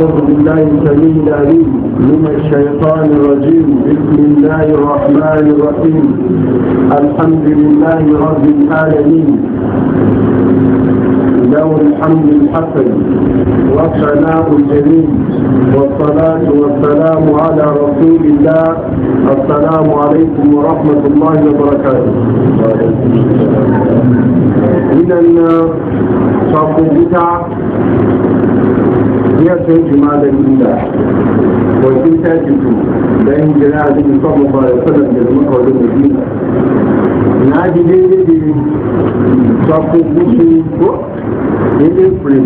أعوذ بالله السميع العليم من الشيطان الرجيم بسم الله الرحمن الرحيم الحمد لله رب العالمين له الحمد الحسن والثناء الجميل والصلاة والسلام على رسول الله السلام عليكم ورحمة الله وبركاته إذا شرط البدع yau sai ji magani da wajen tashi su da yin jira a cikin kwamfan ba da sanar da zama kawai da jini na ji daidai da yin sakon kusu ko daidai free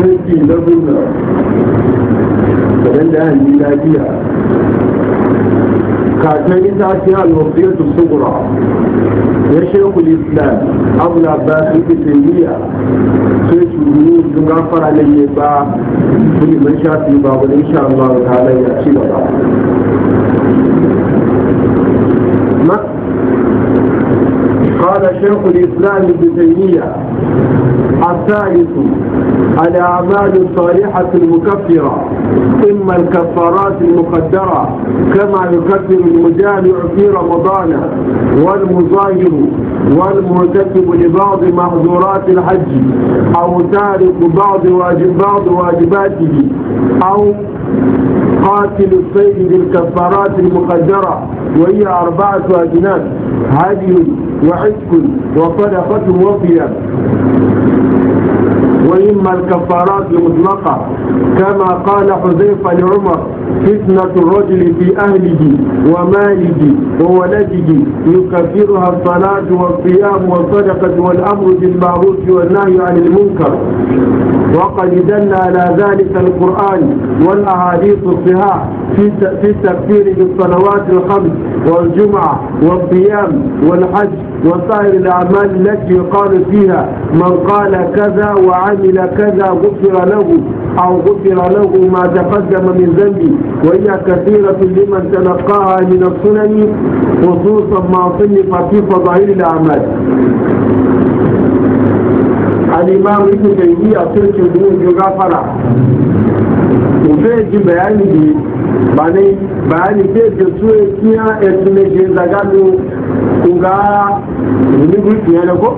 sai ki zazzuna da ɗan da hannun lafiya كاتن تاتيها الوصية الصغرى يا شيخ الإسلام أبو العباس ابن تيمية سيد شهور جغفر عليه با كل من شاء في باب إن شاء الله تعالى يأتي قال شيخ الإسلام ابن تيمية الثالث الأعمال الصالحة المكفرة إما الكفارات المقدرة كما يكفر المجامع في رمضان والمظاهر والمرتكب لبعض محظورات الحج أو تارك بعض واجب بعض واجباته أو قاتل الصيد بالكفارات المقدرة وهي أربعة أجناس هدي وعتق وصدقة وصيام وإما الكفارات المطلقة كما قال حذيفة لعمر فتنة الرجل في أهله وماله وولده يكفرها الصلاة والصيام والصدقة والأمر بالمعروف والنهي عن المنكر وقد دل على ذلك القرآن والأحاديث الصحاح في التكفير بالصلوات الخمس والجمعة والصيام والحج وسائر الأعمال التي يقال فيها من قال كذا وعمل كذا غفر له أو غفر له ما تقدم من ذنبه وهي كثيرة لمن تلقاها من السنن خصوصا ما صنف في فضائل الأعمال الإمام ابن تيمية ترك الذنوب غفر وفيه بيانه bane bayani ke da su ya kiya ya tuna ke zaga do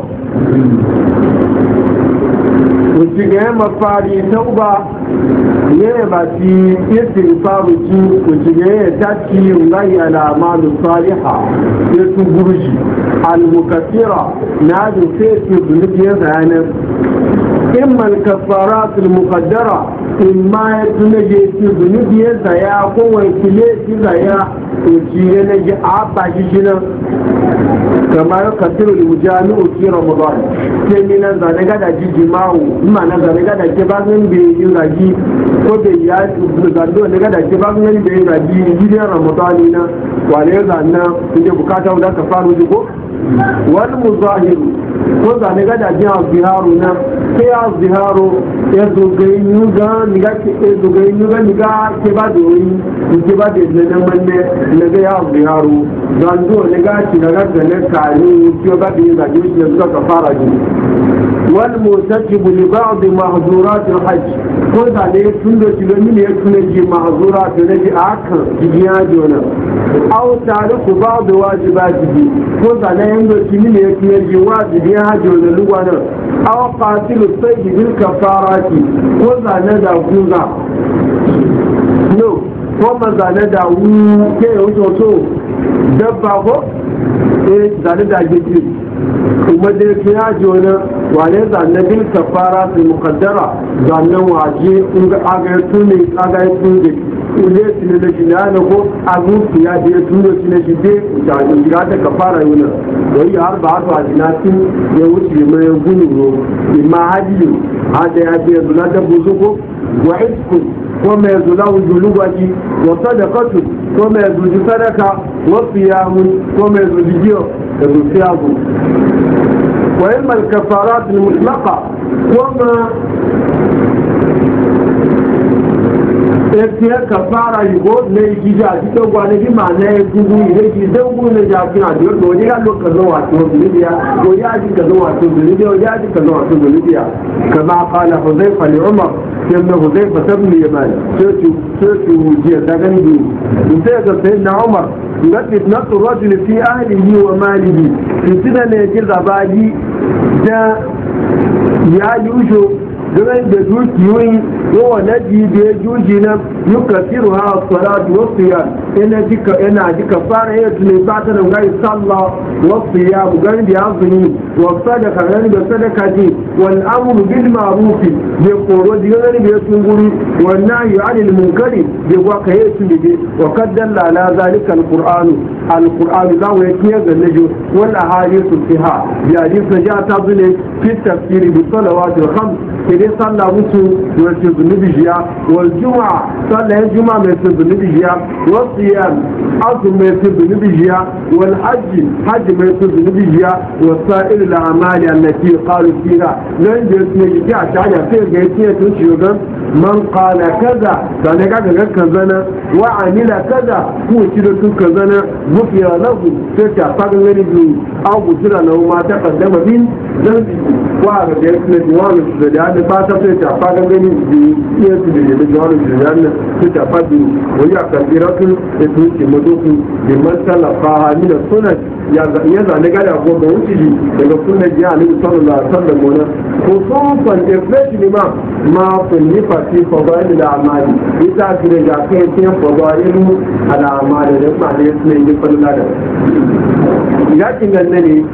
òtìgẹ́ mọ̀ fàárí tọ́gbà yẹ́ bá ti a fàárí tí òtìgẹ́ dákì ńláyé alàmàlù fari ha yẹ́ tún na jì alùmùkàtírà náà lè fẹ́ ti bùnúkì yẹ́ zayanin إما الكفارات المقدرة إما يتنجي في بنية زيا قوة كلية زيا ujiye na ji a ba shi shi nan kamar kasiru iwuja ni oki ramadan ke ni nan zane gada ji jima'u ma na zane gada ke ba zan bai yi ragi ko bai ya zando ne gada ke ba zan bai yi ragi gidan ramadan ni nan wale zan nan inda bukata da ka faru ji ko wani muzahiru ko zane ga da jiya ziharu na ke ya ziharu ya zogai niga ke ya zogai nuga niga ke ba da wuri ke ba da na nan manne niga ya ziharu zan zo niga ki daga da na ke ba da yi zage shi fara ji والمرتكب لبعض معذورات الحج كل ذلك كل تلمين يكنجي معذورات الذي أكثر جيادونا أو تعرف بعض واجباته كل ذلك تلمين يكنجي واجب جيادونا لوانا أو قاتل الصيد بالكفارات كل ذلك كل No. wọ́n ma zàlẹ́dà wú kéèyàn ó sọ́tò dẹ́bà kọ́ ẹ zàlẹ́dà gbèsè ìmọ̀dé fi ájò náà wane zanen bin kafara su mukaddara zanen waje in ga agayatu tuni agayatu tuni ule su ne da jina na ko agusu ya biya tuni su ne jide da jira da kafara yi nan wani har ba su a jina su ya wuce mai gudu ro imma hajiyo da ya biya zula ta buzu ko wa isku ko mai zula wujulu gwaji wa sadakatu ko mai zuji sadaka wa siyamun ko mai zuji biyo da zuciya وإما الكفارات المطلقة وما ya kafara yugo na igiji a cikin kwanaki ma na ya gugu ya ji zan gugu na jafi na biyar da wani ya lo kazo wato zulibiya ko ya ji kazo wato zulibiya ya ji kazo wato zulibiya kama kala huzaifa li umar yamma huzaifa sabni yaman sai su jiya ta gani biyu sai ga sai na umar gaɗi na turajin fi ahlihi wa malihi fitina ne ji zabali da ya yi ujo gaban da dukiyoyi yawan ji da ya juji na yi kasiru ha salatu wasu ya ina jika fara yin tunai fata da gari sallah wasu ya bugari da azumi wa sadaka nan da sadaka ji wal amru bil ma'rufi da koro diga nan da sun guri wa nahyu anil munkari da wa kai su dige wa qaddalla ala zalika al qur'anu al qur'anu za wa yake ga najo wal ahadithu fiha ya hadithu ja ta zune fi tafsiri bi salawati al khams كده صلى وضوء وسجن بيجيا والجمعه صلى الجمعه مسجن بيجيا والصيام اصوم مسجن بيجيا والحج حج مسجن بيجيا وسائر الاعمال التي قال فيها لن يسمي جاء تعالى في جيتيه تشيغان من قال كذا كان قال كذا وعمل كذا هو كده كذا غفر له فتا فقل لي او غفر له ما تقدم من ذنبه وعرف يسمي جوانب الزداد ní pátá tó ti àpá gẹ́gẹ́ ní ìdí efcd ìdíjọ ọ̀rọ̀ ìjìnlẹ̀ náà tó ti àpá di òye àkàndí rọ́tún ètò ìmọ̀dókun ìmọ̀sálà fàá nínú súnà ya zane gada ko ga wuce shi daga sunan jiya na sallallahu alaihi wasallam mona ko sofan especially ma ma kunni fati fadail da amali ita gire ga kai sai fadail al amali da ma ne ya ne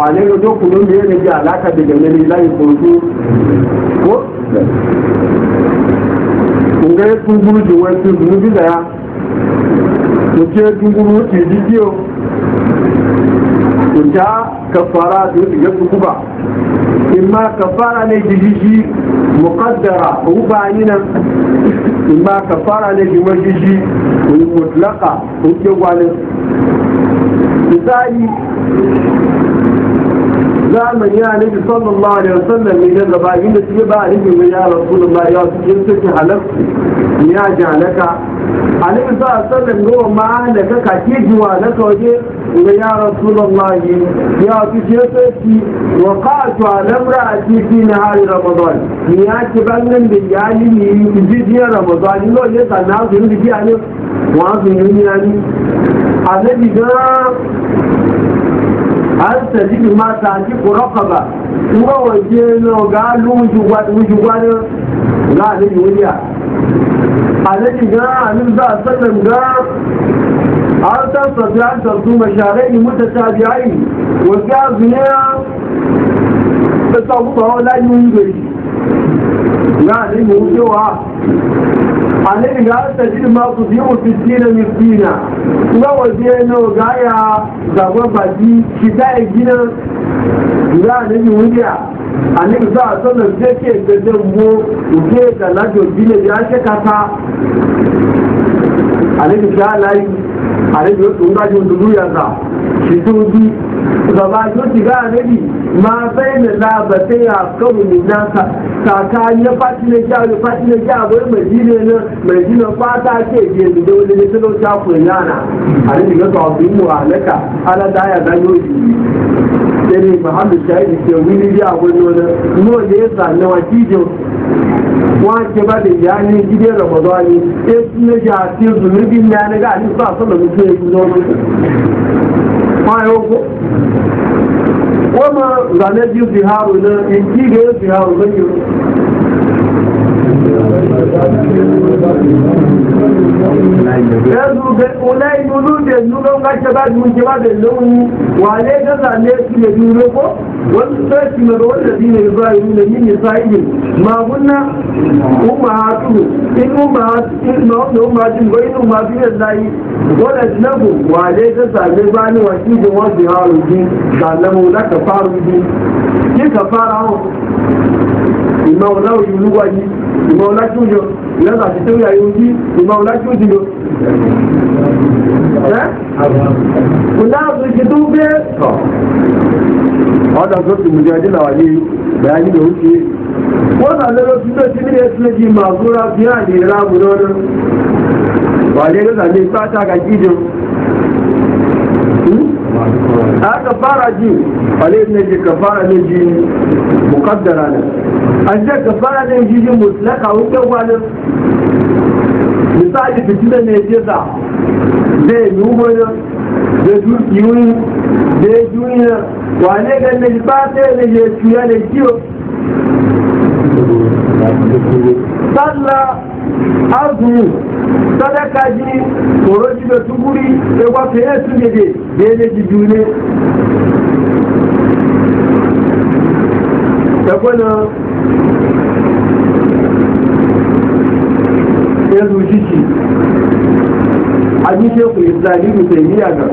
wane ga duk kudin da ya gaji alaka da game da ilahi kotu ko kun ga sun guru ji wani sun guru bisa ya ku ce sun guru ce jikiyo ku ta kafara da yadda ya kuba imma kafara ne jijiji muqaddara uba nina imma kafara ne jijiji mutlaqa ko ke gwalin misali zamani ya nabi sallallahu alaihi wasallam ne da gaba inda suke ba alibi mai ya rasulullah ya suke suke halarci ya jalaka alibi sa sallam gowa ma da ka kake jiwa na kawaje ga ya rasulullah ya suke suke wa qatu ala imraati fi nahari ramadan ya ki bangan da yali ni jijiyar ramadan lo ya sana su yi ne wa su ni ani alibi ga an tajid ma tajiku raqaba kuma waje no ga lu wujugwa ga ne duniya alaji ga annabi sallallahu alaihi wasallam ga an tasfi an tarzu masharai mutatabi'ai wa ga zuniya ta sabu ba wala yi wuri ga ne mu yawa annabi ga ta ji ma ku ji mu fitina miskina kuma waje no ga ya zaba baji ki ta yi gina ga annabi wuya annabi za a sanar da ke da dambo ke da lajo gina ya ce kasa annabi ga layi àlejò tó ń dájú dúdú yàtà ṣètò ojú bàbá tó ti a àlejì máa fẹ́ ilẹ̀ láàbà tẹ́ àkọ́rù ní náà kàkà yẹ fásilẹ̀já rẹ̀ fásilẹ̀já rẹ̀ mẹ̀jìlẹ̀ náà mẹ̀jìlẹ̀ pátá kéèké ìdílé olóde tó ló ṣàpò ìyáàna àlejò tó sọ ọ̀gbìn mú àlẹ́kà aládáyà yi òjì yìí. Ṣé ni Muhammad Shahid ṣe wí níbi àwọn ọ̀nà náà lè sàn náà kíjọ wace ba yani yayin gidan ramadani sai na jasi zunubin na na gani sa sallar mutu ya yi zonu kwayo ko kuma zane biyu ulai dulu da nuna ga ta ba mun ke ba da launi wale ga zane su ne ko wani sai mai yi ne yin sai ma gunna umma hatu in umma in ma da umma din bai umma bi Allah wala nabu wale ga zane ba ni waki da wani haru din sallamu faru din ki ka fara imam nawawi yi. ìmọ̀ ọlájú yọ ìlànà àti tó yà yóò yí ìmọ̀ ọlájú kò dáàbò ṣe tó gbé tọ̀. ọ̀dà tó ti mú jẹ́ náà wáyé bẹ̀rẹ̀ ló ń ṣe. wọ́n nà lọ́rọ́ sí tó ti nílé sílẹ̀ di màgúrà pátá a fara ji falai ne ke kafara ne ji mukaddara ne an ce kafara ne ji ji mutlaka hukun wani misali fitina ne ce sa zai yi wani zai duki wani zai duniya wane ga ne ba sai ne ya ciya ne kiyo sallah azumi sadaka ji tsoro ji da tuguri sai wata ya su gede da ya ji june da kwana ya zuci ci a ji shekul islami mutane ya ga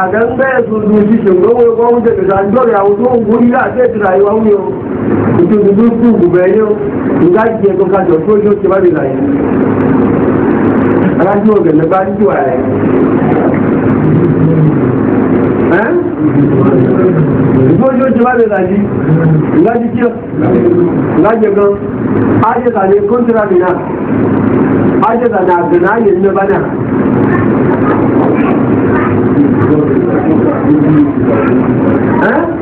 a ganga ya zuci shi shugabar gwamnati da zandor ya wuce guri da a ìpè gbogbo fún gbogbo ẹyọ nígbà jẹ ẹgbẹ kájọ fún ojú òkè bábí láyé alájú ọgẹ mẹba níjú ààrẹ ìgbó ojú òkè bábí láyé nígbà jíjẹ nígbà jẹ gan ajẹ tàbí kóńtìrà mìíràn ajẹ tàbí àgbẹ̀nà ayé ní mẹba náà. Huh?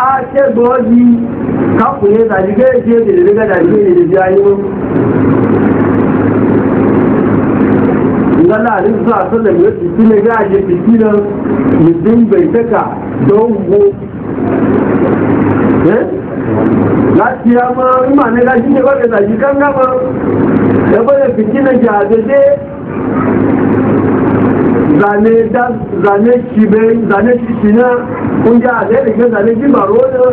a ce goji kafu ne da jiga ya ce da riga da jiga ne da jayi mun lalla ne su a sallar ya fiti ne ga je fiti nan mutum bai taka láti ọmọ ìmọ̀ nígbà jíjẹ́ kọ́kẹ́ mọ́ ẹgbẹ́ fìtí zane da zane kibe zane kishina kunja zane gibaro na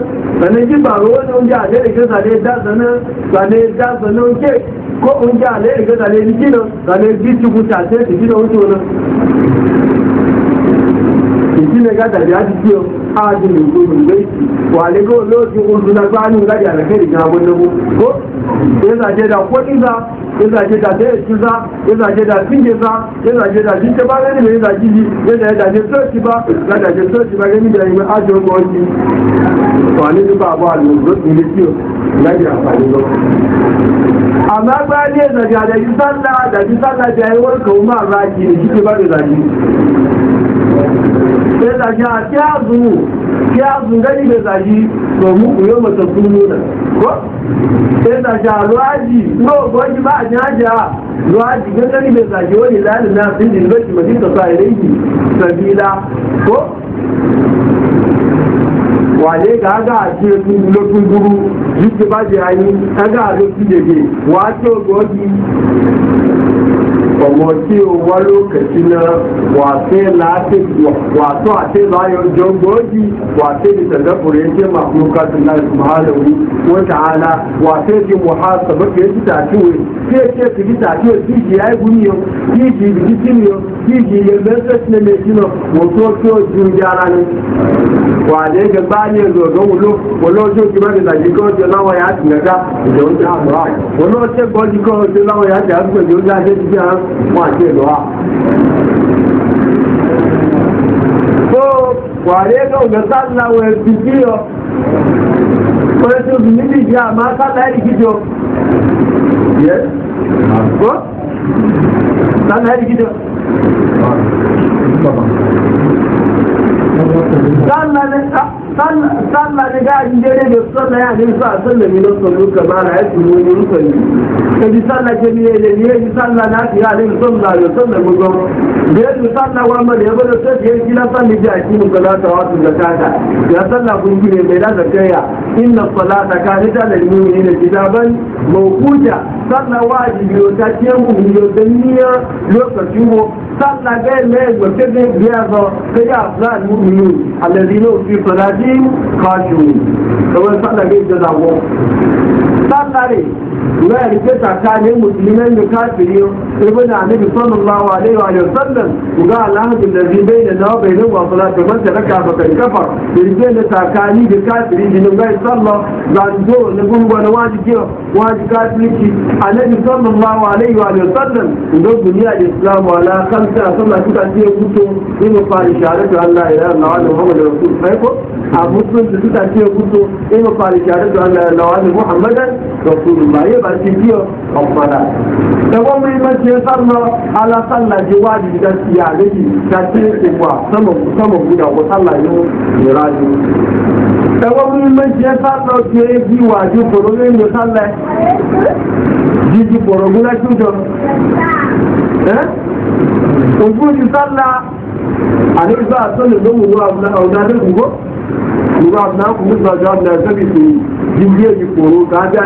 zane gibaro na kunja ale zane da zane zane da zane ke ko kunja ale rike zane gina zane gici kuta sai ki gina wuce na ìdílé gádàrí àdìsí ọ áàdì ní gbogbo ìgbé ìsì wà lè kó lóòtú olùdàgbà ní ìgbàdì àlẹ́kẹ́ ìgbà abọ́nẹ́wó kó ìgbésàjẹ́dà kó nígbà ya zaje da ta yi za ya za ba wani a da yi sai zaje a kyazu kyazu gani da zaji domin ku yi mata sununan ko sai da ja luwaji no goji ba ja ja luwaji gangan bai zage wani lalin na sun jin gaci mafi ta sa ilaihi sabila ko wale ga aga ake lokun guru yake ba je ayi aga a su jege wa ake gwamnati wa lokaci na wasai lafi wato a ce bayan jongoji wasai da tadabure ya ce mahmuka tun na mahalawi wa ta'ala wasai ji muhasaba ke ji tafiwe ke ce ki ji tafiwe ki ji ya yi guniyo ki ji bi ji tiniyo ki ji ya zai ne mai kino wato ki o ju gyara ne wa ne ga bayan zogon wulo wulo jo ki ba da zagi ko jo lawa ya tinaga da wani ta amura wani wace ko jo lawa ya ta wọ́n àti èlò wa. tó wàlẹ́ gbọ̀ngàn sáláwọ̀ ẹ̀bí sí ọ pẹ̀lú tó bí níbi ìdí àmà sáláì ìdíjọ. yẹ kó sáláì sallah da gaji daidai da sallah ya ni sa sallah ne don sallu ka ba na ya tsoro ne rukuni ka ji sallah ke ne da ne ji sallah na fiya ne sallah da sallah mutum da ya ji sallah wa mada ya bada sai ya ji na sallah ji a cikin salata wa su da ya sallah kun gire mai da zakaya inna salata ka ni ta da ne da kitaban mawquta sallah wajibi ta ce mu biyo da niyya lokacin mu sallah ga mai gwace da a zo sai ya fara mu biyo alladhi fi salati salati khashu kamar sallah bai da zago sallah ya rike musulmai da kafiri ibn sallallahu alaihi wa sallam ga alhamdu kafa rike ne tsakani da kafiri din ga sallah na sallallahu alaihi wa sallam ga duniya da islamu ala khamsa sallah kuka ce kuto yin fa isharatu Allah Allah Muhammadu Rasul sai ko a musulunci suka ce kuto in ma fara shahada da Allah na wani Muhammadan Rasulullah ya ba shi biyo Da kuma muhimmanci ya sarna ala sallah ji wajibi da siya da shi ta ce kuma sama sama guda ko sallah yau ya rayu. Da kuma muhimmanci ya sarna ke yi wajibi eh? ko ne mu sallah jiji koro guna cuto eh ojú ti sálà àdébísà sọ́lẹ̀ lóhùn wúra ọ̀dá lẹ́gùn kó ìwà ọ̀nàkù nígbà ọjọ́ ọ̀nà ẹ̀sẹ́bìtì jíjí èyí kòrò kájá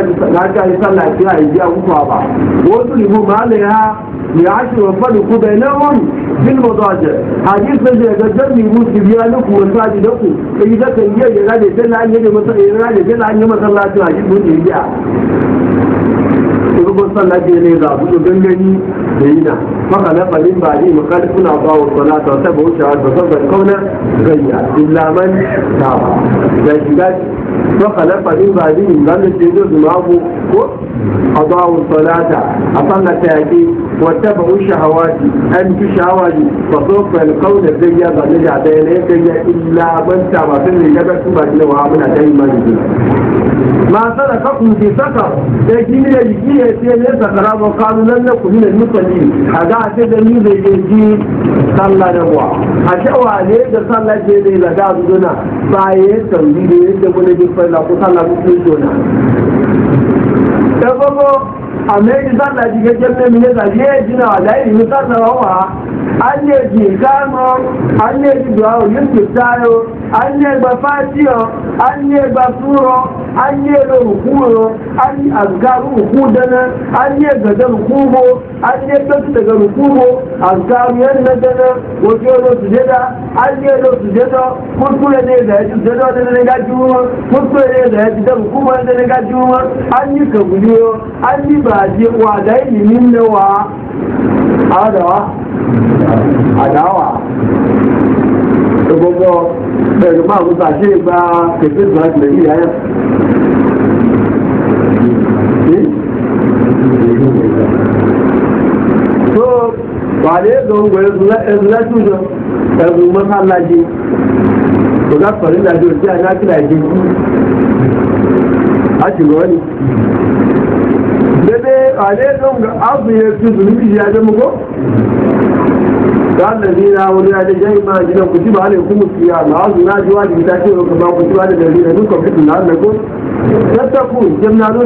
ìsàlà àti àìjí àwùkọ àbà wọ́n tún ìbò máa lè ha ní àṣìwọ̀n fọ́lù kú bẹ̀ lẹ́wọ̀n bí ní mọ̀tọ́ àjẹ́ àjí ìfẹ́jẹ́ ẹ̀gẹ́ jẹ́mi ìwú ti bí alẹ́kùn wọn tó èyí dẹ́kẹ̀ yí èyí rádẹ̀ tẹ́lá yé mọ́sálásí àjí lónìí yá ko sallah ke ne za su gangani da yina maka na farin ba ne mukalifuna ba wa sana ta ta bauta wa ta sabon kauna gayya illa man ta ba da shiga maka na farin ba ne zan da ce zai zuma ko أضاعوا الصلاة أصلى تأكيد واتبعوا الشهوات أنت شهوات فسوف القول الدنيا ضلجة ذلك إلا من تعمى في الجبل ثم أجلوها من دائما ما سلككم في سقر تجين يجي سيئة سقر وقالوا لن نقل من المصلين هذا من بيجي صلى نبوة أشعوا عليه صلى جيدي لدى دون بايه تنبيه يجب أن يجب أن يصلى صلى مسلم ẹgbọ́gbọ́ àmẹ́rin sáàdà jíkẹ́ jẹ́ mẹ́rin lẹ́sà yẹ́ jìnà àdáyé ìlú sáàdà wọ́n wà á an yi jigamo an yi jigawo yin an yi gba an yi gba an yi ga an yi azgaru hukudana an yi gada hukumo an yi tattu daga hukumo azgaru yan na dana wajen yau su an yi yau su kurkure ne da ya ci jeda da na gaji ruwa kurkure ne da ya ci da hukuma da na an yi kabuliyo an yi baje wa da ilimin nawa adawa àdáwà gbogbo ẹ̀rọ máa gbogbo àṣẹ ìgbà kẹfẹ́ ìgbà ìgbẹ̀lẹ̀ yìí ayẹ́ so farin da ẹ̀rọ ẹ̀rọ mọ́sálàjì ọ̀gá pẹ̀lú ìdájọ́ ìdí wani. ìdí láti rọ́ ni bébé àlẹ́ gbogbo àbúyẹ̀ tuntun níbi ìyá jẹ́mọ́gbọ́ kan da zina wani ya ce jai ma jina ku ci ba ne kuma siya na wasu na ji wajibi ta ce ba ku ci ba da zina na ko tattar na zo ko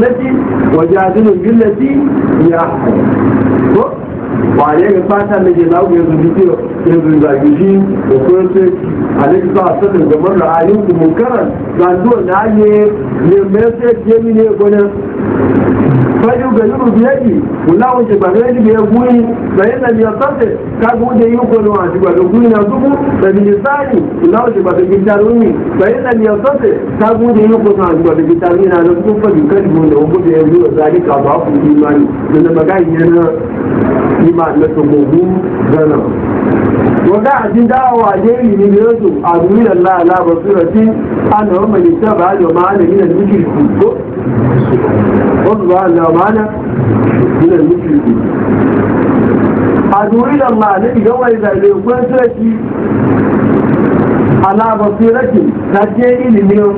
sunnati wa jadilun billati ya ko ba ne ga fata da ke zaku yanzu bidiyo yanzu zagi shi da kuma a alaihi ba a sanin da marar ayin ku munkaran ga na ne ne mai sai ke ne gwanin fari galibu biyaki wula wuce ba zai ji biyar guri ba yin da biyar ka gode yi kwanu a shiga da guri na dubu da biyar sani wula wuce ba da gitar rumi yin da biyar ka gode yi kwanu a shiga da gitar rumi na da kuma fari kan jimu da wani biyar zuwa zari ka ba ku imani da na magani yana imani na tsogogu gana wanda a jin dawowa jeri ne da yanzu a duniya la'ala basirati an da wani mai ta ba da ma'ana da mutum ko واضرب على معنى من المشركين ادعو الى الله الذي جوز اليه وفاتي على بصيرة تجيني لمن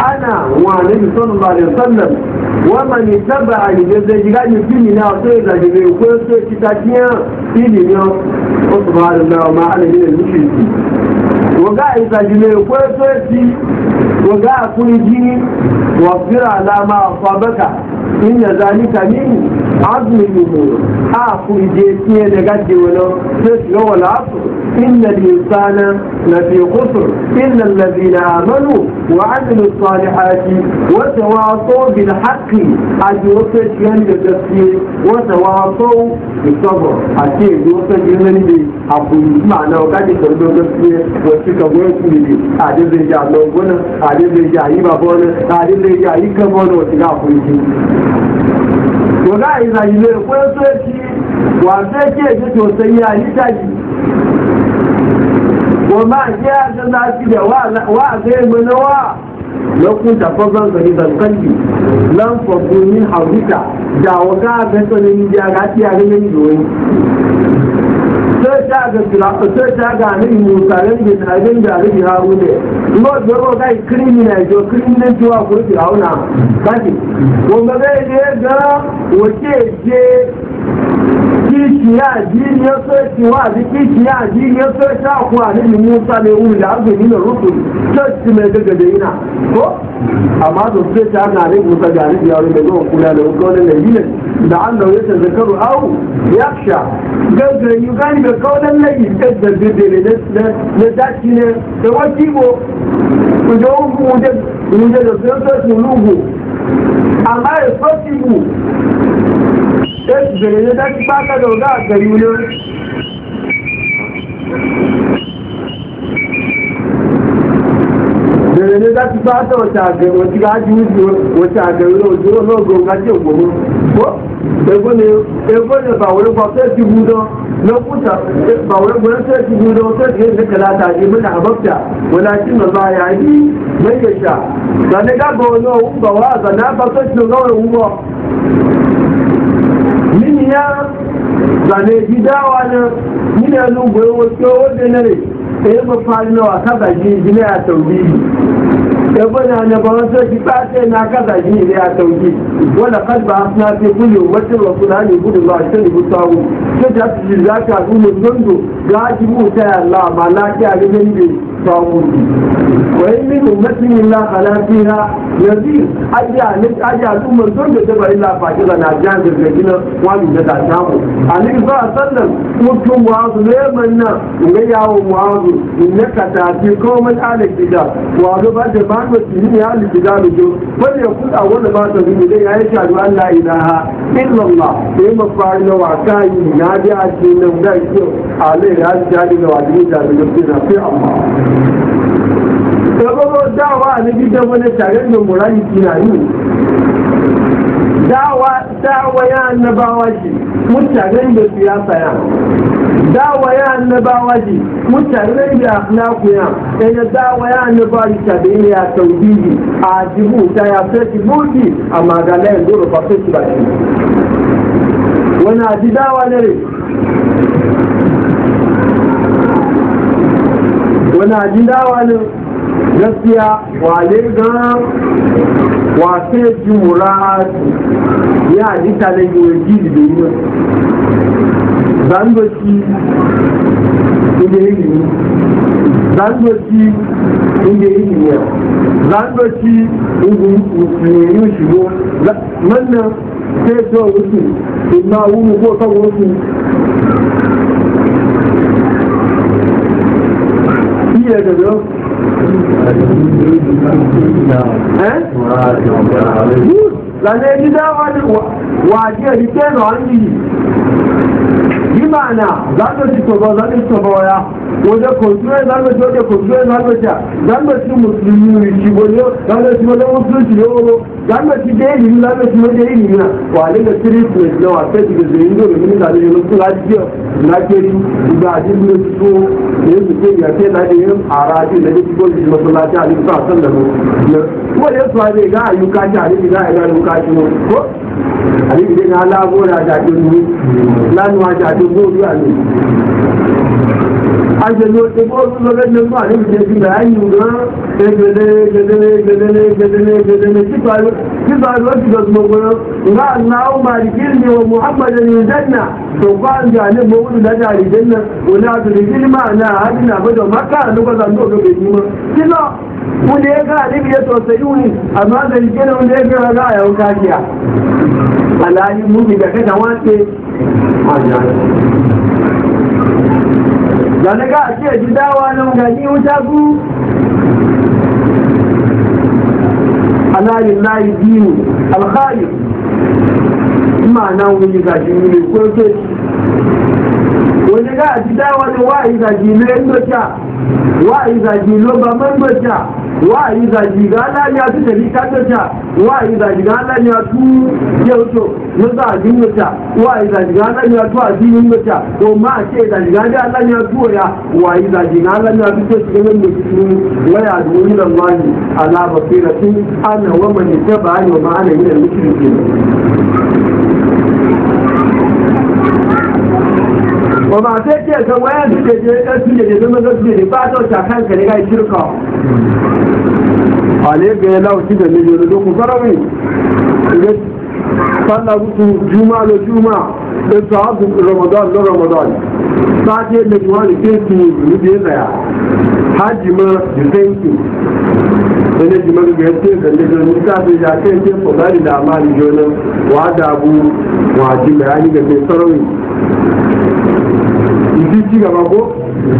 أنا والنبي صلى الله عليه وسلم ومن اتبع لجزاج غني فيني لا صيد لجميع كل شيء تجيني لمن وسبحان الله وما على من المشركين wọ́gá ìsàjìlẹ̀ ìpẹ́ẹ́sẹ́ ti wọ́gá àkúrí jí wọ́fíra aláma a abẹ́ka inna zalika min azmi al-umur aku je tiye da gaddi wala ce lo wala asu inna al-insana la fi khusr illa alladhina amanu wa amilu salihati wa tawasaw bil haqqi ajru wato tiyan da gaskiye wa tawasaw bi sabr ake wato tiyan da aku ma'ana ga da karbo gaskiye wa go ku ni a da zai ja lo gona a da zai ja yi ba babona a da zai ja yi ka kabona wa ku ni to za a yi zajibe ko ya so ci wasu ya ke ji sosai ya yi taji ko ma ke ya ga zafi da wa a zai mana wa lokacin tafazon gari da kalli nan fagunin haurita da ya ga tiyarin sai ta ga filafa sai ta ga nan musa nan da tsarin da rubi haru ne mo zoro ga criminal jo criminal jo a kaji zai je ga wace je kíkì àjírí ó tó ti wá àti kíkì àjírí ó tó ti àkún àníbi musa ní ohun ìlà àgbè nínú rúkùn tó ti mẹ gẹgẹdẹ yìí náà kó àmà tó ti àná àníbi musa ní àníbi àwọn náà kúrẹ́ lọ kọ́ lẹ́lẹ̀ yìí da an da wata zakaru au ya sha gaggar yi gani da kaunan lagi da bibiri ne da da sun sassu amma ya bèrè ní dá ti bá kẹ́lẹ̀ ọ̀gá àgbẹ̀yìn ní bèrè ní dá ti bá tọ̀ ọ̀tà àgbẹ̀yìn ọ̀tí káàkiri ìdí ọ̀tà àgbẹ̀yìn ọ̀dí olóògùn kájí ògbòmó ègbó ni ègbó ni bàwọ̀lẹ́ pa fẹ́ẹ̀tì búdọ́ lọ́kùtà bàwọ̀lẹ́ pa fẹ́ẹ̀tì búdọ́ fẹ́ẹ̀tì ní kẹlẹ́ àtàkì mẹ́ta àbọ̀tà wọlé àti màmá yà ní mẹ́yẹ̀ṣà ba náà ń bàwọ̀ àgbàdá bá fẹ́ẹ̀tì lọ́wọ́ ìwúwọ́ ya zane gidawa na nina lugoyi wasu wadda na ne ta yi mafari na wasa da shi gina ya tauki yabo na na ba wasu shi ɓace na kasa shi ne ya tauki wanda kan ba su na fi kulle wata ba kuna ne gudu ba shi ne gusawu sai ta fi shi za gudu zondo ga ake buta ya Allah ma lafiya ga gani طاغوت وإن من أمة إلا خلا فيها نذير أجي أجي الأمة دون تبع إلا فاجرا ناجان بالمدينة ومن جدا شامو عليه الصلاة والسلام قلت معاذ ليمنا ويا معاذ إنك تأتي قوما آل الكتاب وأنا بعد ما أنت آل الكتاب جو فليقول أول ما تقول إليه يشهد أن لا إله إلا الله إما فاعل وعكاي نادي أجي نمنا عليه أجي نادي وعجي نادي في الله saboda dawa na gidan wani tare da murari tunani dawa dawa ya annabawa ce mutanen da siyasa ya dawa ya annabawa ce mutanen da akhlaku ya ɗaya dawa ya annabawa ce ya tauhidi a jibu ta ya sai mulki a ga layin dole ba sai ba shi wani dawa ne wana ji wani gaskiya wale gan wafe jura ya ji tare yi wa ji da yi zangoci inda yi ne zangoci inda yi ne zangoci inda yi ne shigo mannan sai zuwa wuce inna wuni ko kan kí ẹ dọ̀dọ̀. lànà ẹni dáwọ́ wà á jẹ́ ẹni tẹ́lọ̀ á ń yìí. bi ma'ana za ka ci toba za ka ci toba waya wajen kwanciyar za ka ci wajen kwanciyar za ka ci za ka ci musulmi shi gwani za ka ci wajen musulunci ne wuro za ka ci da ilimi za ka ci wajen ilimi na wale da treatment na wasa ci da zai indo da mini da zai mutu na jiya na ke yi da a jin da so da da yin arabi da ya ci gwani da masallaci a lissa san da àbí ìdènà aláàbò rẹ̀ àjàjò ní lánàá àjàjò gbòòrò àná ajẹ́lú ẹgbẹ́ ọdún lọ́lẹ́gbẹ́ mọ́ àrí ìjẹ́ ti bàá yìí rán gẹ́gẹ́lẹ́ gẹ́gẹ́lẹ́ gẹ́gẹ́lẹ́ gẹ́gẹ́lẹ́ gẹ́gẹ́lẹ́ títà lọ́sí gbogbo ńlá náà máa rí kí ni wọn muhammadu ní ìjẹ́nà tó bá ń jà ní gbogbo ìdájà ìjẹ́nà òní àtúndì kí ni máa náà á dínà àgbẹ́jọ mákà lọ́gbọ́dà ní òkè yìí mọ́ kí lọ wọ́n yẹ ká níbi ètò ọ̀sẹ̀ yìí wọ́n àmọ́ àtẹ̀lẹ́ kí ni wọ́n yẹ kí wọ́n láàyè ọ̀ká kíá. àlàyé mú mi gàkẹ́ta wọ́n á ṣe àjà zane ka a ce ji dawa nan gani wuta ku alalin layi biyu alkhali ma nan wuni ga shi ne ko ke wani ga a ji dawa nan wa'ayi ga ji ne ndocha wa'ayi ga ji ba man ndocha wa'ayi zaji ga Allah ya tu dari kaddacha wa'ayi zaji ga Allah ya tu yauto na zaji mata wa'ayi zaji ga Allah ya tu azinin mata ko ma ce zaji ga Allah ya tu ya wa'ayi zaji ga Allah ya tu ce cikin mutum waya dun da mali ala basiratin ana wa man tabani wa ma'ana ila mushrikin 我嘛这这个我也是姐姐，呃，是姐姐，那么个姐姐，把这下看给你看，吃的高。啊，那个老师的那就是都不说了喂，这个三老五舅妈的舅妈，那啥子什么的，那什么的，大姐那地方的天气有点冷啊，还什么有天气。wani da da ke fulani da amali jonin wa da abu wa ji bayani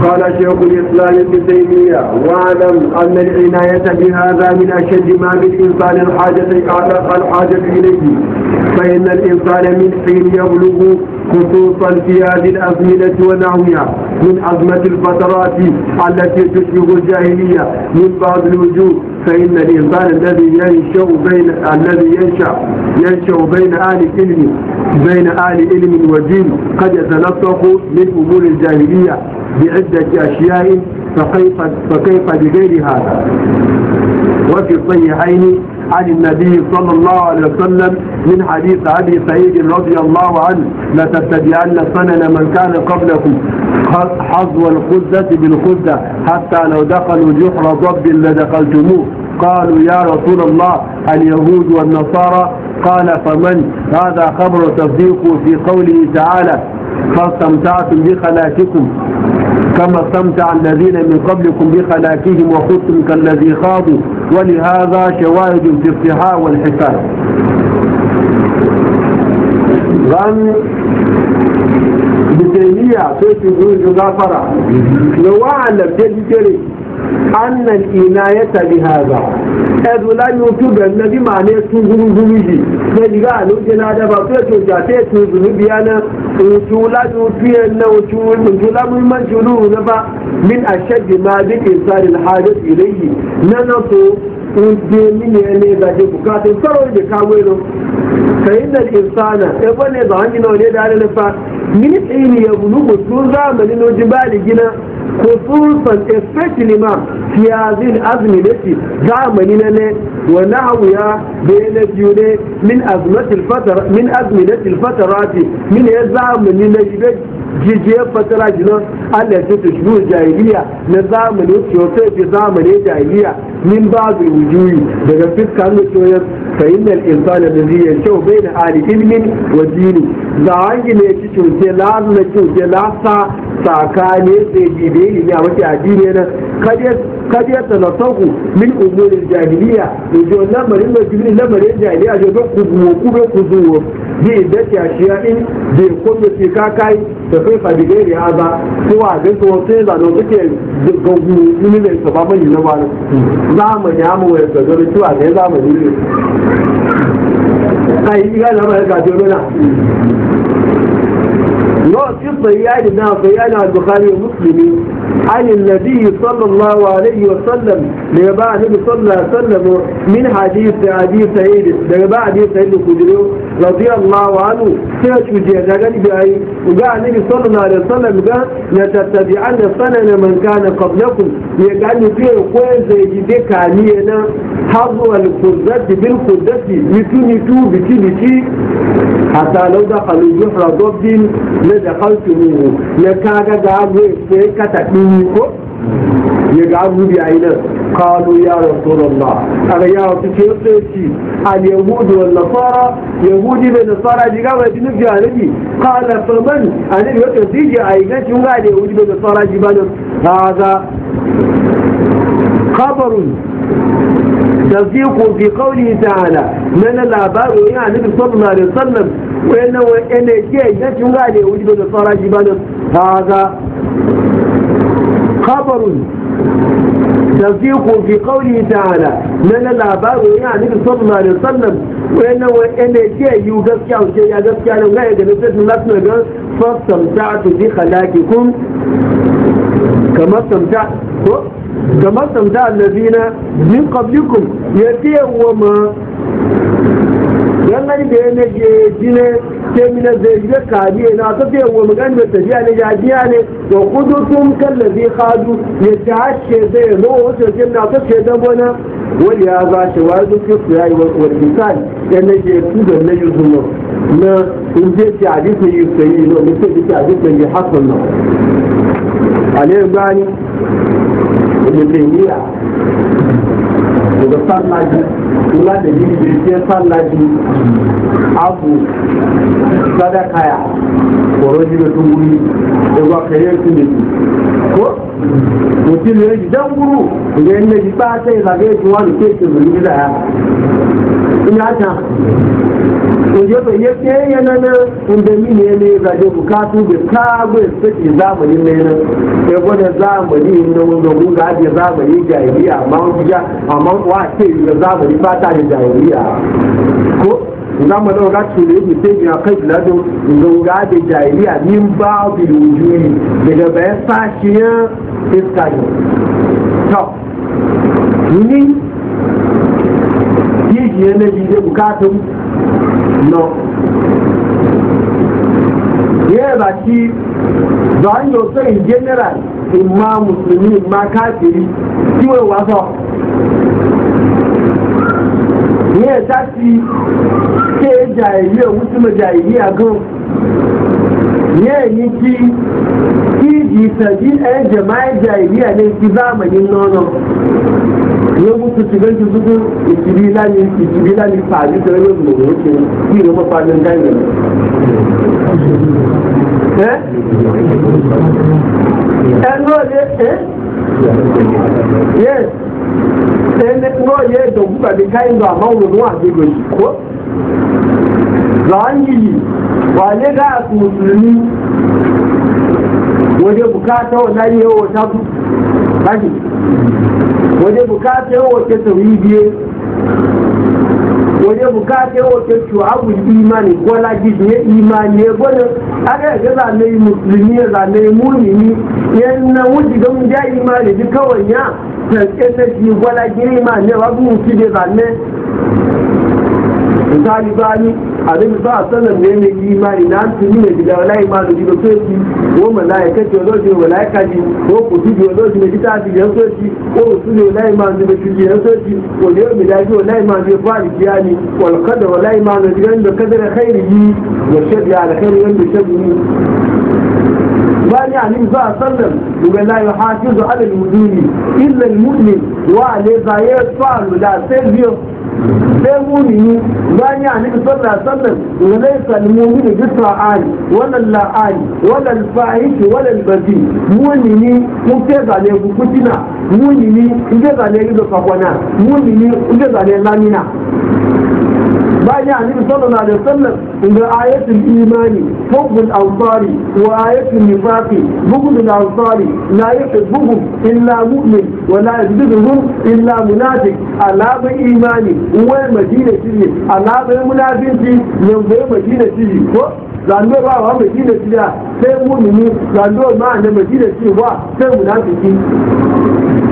قال شيخ الإسلام ابن تيمية واعلم أن العناية بهذا من أشد ما بالإنسان الحاجة الحاجة إليه فإن الإنسان من حين يبلغ خصوصا في هذه الأزمنة ونحوها من أزمة الفترات التي تشبه الجاهلية من بعض الوجوه فإن الإنسان الذي ينشأ بين الذي ينشأ ينشأ بين أهل علم بين أهل علم ودين قد يتلطف من أمور الجاهلية بعدة أشياء فكيف فكيف بغير هذا؟ وفي الصحيحين عن النبي صلى الله عليه وسلم من حديث أبي سعيد رضي الله عنه لتتبعن سنن من كان قبلكم حظو الخزة بالخزة حتى لو دخلوا جحر ضب لدخلتموه قالوا يا رسول الله اليهود والنصارى قال فمن هذا خبر تصديق في قوله تعالى فاستمتعتم بخلاتكم كما استمتع الذين من قبلكم بخلاتهم وخذتم كالذي خاضوا ولهذا شواهد في الصحاء والحكاية غن shari'a sai su zo gafara da wa'alam da jikere أن الإناية بهذا إذ لا يوجد النبي معنى تنظر ذنوبي نجد أن وجنا دبا فيتو جاتي تنظر بيانا وشولا نوتي أن وشولا من شلو نبا من أشد ما إنسان الحاجة إليه ننصو ودمين يعني بجي بكاتي فروا بكاوينو فإن الإنسان إبن إذا عندنا وليد على نفا من حين يبلغ الزور من الجبال جنا خصوصا especially ma fi hazin azmi lati zamani na ne wa nahwiya bayna jure min azmatil fatara min azmilatil fatarati min ya zamani na jibe jijiye fatara jinan Allah ya tushbu na zamani zamani min babu wujuyi daga fiskan ta fa'in da insana da zai yanke bai da ali ilmin wa Da za a yi ne ci cuce la na cuce la sa tsakani sai jibe ilimi a mafi addini na kadiyar talasaku min umurin jahiliya da jo lamarin da jibin lamarin jahiliya ku buwo ku kuzuwo ku kuzuwo bi da kyashiya in ya kome fi kakai da kai fadigari haza ko a gaisuwa sai zanen suke gagguru ilimin da ba mai na ba zamani amu wai ga zuru cewa ne zamani ne kai iga na mai ga jiro na yau ci sayyadi na sayyadi al-bukhari muslimi عن النبي صلى الله عليه وسلم لبا النبي صلى الله عليه وسلم من حديث أبي سعيد لبا أبي سعيد الخدري رضي الله عنه سيشو قال بأي وقال النبي صلى الله عليه وسلم قال لتتبعن سنن من كان قبلكم يقال فيه كوين زي دي كانينا حظوا الخردة بالخردة متو متو بتي بتي حتى لو دخلوا جحر ضد لدخلتموه لكاغا قال كتاكين ko ya ga abubi a nan kalu ya rasulallah a ga yawon su ce wasu ci al yahudu wal nasara yahudi bai nasara jiga bai ji nufi a nabi kala faman a nabi wata zije a yi gancin ga al yahudi bai nasara ji ba nan haza khabarun تصديق في قوله تعالى من العبار يعني النبي صلى الله عليه وسلم وانه ان جاء جاء يهودي بالنصارى جبانا هذا خبر تصديق في قوله تعالى من العبار يعني صلى الله عليه وسلم وإنه إن شيء يوجد كأو شيء يوجد كأو لا يوجد سيد الله سنة فاستمتعت بخلاقكم كما استمتعت كما استمتع الذين من قبلكم يتيهم gangan da yana nage jine ke mina zai ga kariye na ta fiye wa magan da tafiya ne jajiya ne to kudu tun kallabi hadu ya ta hashe zai zo wasu ke na ta ce wani ya ba shi wa duk ya yi wani misali ya nage da na yi na in je ci a jikin yi sayi no mutum ji ci a jikin yi hasan no alayyar bani da taimiyya daga sallaji kula da yin jirgin sallaji abu sadakaya ya koroji da tunguri da ba kariyar su ne ko mutum ya yi dan guru da yin da ji ba sai zagaye tuwa da ke ke zuri da ya ta inje bai ya ke yana na inda mini ne zaje bukatu da kago ya saki zamani ne na ya gwada zamani na wanda kun ga ajiye zamani jahiliya amma wani ja amma wa ce ga zamani fata da jahiliya ko zamanin ga cire ne sai ya kai ladon zunga da jahiliya min ba bi wujuri daga bayan sashiyan iska ne to ni jiye na jiye bukatun no yẹ́ bá tí zọ́n yóò sọ in general ìmá mùsùlùmí ìmá káàkiri tí wọ́n wá sọ ní ẹ̀ta ti ké jà ìlú òun tí mo jà ìlú àgọ́ ní ẹ̀yìn tí kí ìsẹ̀jí ẹ̀jẹ̀ máa yóò mú tuntun ki tó dúdú ìtìbí láni ìtìbí láni pàdé tó yóò mú òun ṣe ne ìlú mọ́fà ló ń dá ìlú. ẹ ẹ ló dé ẹ yẹ ẹ ní ló yẹ dọ̀gbù pàdé ká ìlú àmọ́ òun ló wà yi wa ne ga musulmi wajen bukata wa yi yawon tafi. Bani, waje bukatar wace tawhidiyye waje bukatar wace shu'abu imani gola gidiye imani ne gwanin aka yaga zane musulmi ya zane mumini yana wuce don ja imani ji kawai ya tarke na shi gola gini imani ne babu mutu da zane zalibani annabi sa sallam ne mai imani na su ne daga wala imani ji da soci ko malaika ce zo ji malaika ji ko ku ji zo ji ne ta ji ya soci ko su ne wala imani ji ji ya soci ko ne mai da ji wala imani ji fari kiyani wal qadar wala imani ji da kadar khairihi wa shaddi ala khairi wa shaddi بني عليه صلى الله وقال لا يحافظ على المدين إلا المؤمن وعليه ضيق فعل لا سيزيو sai mumini bayan ya nufi sallah sallar zai salmu mini bisa ali walal la'ali walal fahishi walal bazi mumini mun ke zale kukutina mumini in ke zale gizo fakwana mumini in ke zane lamina bayan ya annabi na da wasallam inda ayatul imani hubbul ansari wa ayatul nifaqi bughd al ansari la yuhibbuhum illa mu'min wa la yuhibbuhum illa munafiq alaba imani wa madina tiji alaba munafiqi yanzu ko ba wa madina tiji sai mu'mini zando ma ne madina tiji ba sai munafiki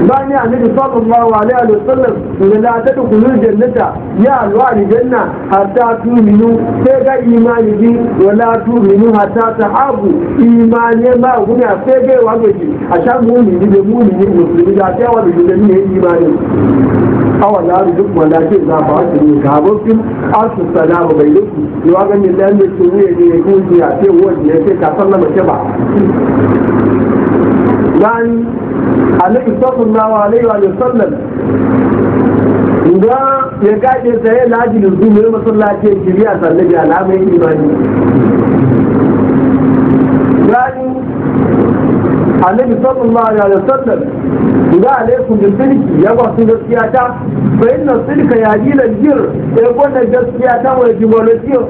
bani annabi sallallahu alaihi wa sallam da la ta dukulu jannata ya alwa janna hatta tuminu sai ga imani bi wala tuminu hatta tahabu imani ma gunya sai ga wa gaji a sha mu mu'mini da mu, musulmi da ta wa da ne imani awala duk wanda ke za ba wa cikin gabobin asu salamu bai duk yawa ganin da ne su ne ne kungiya sai wanda ya ce ka sallama ke ba annabi sallallahu alaihi wa sallam idan ya gaje sai laji da zuwa mai masallaci ya shirya sannan da alamai imani gani annabi sallallahu alaihi wa sallam idan alaikum bil silki ya ba su gaskiya ta fa inna silka ya jila jir ya gwada gaskiya ta wa jimolatiyo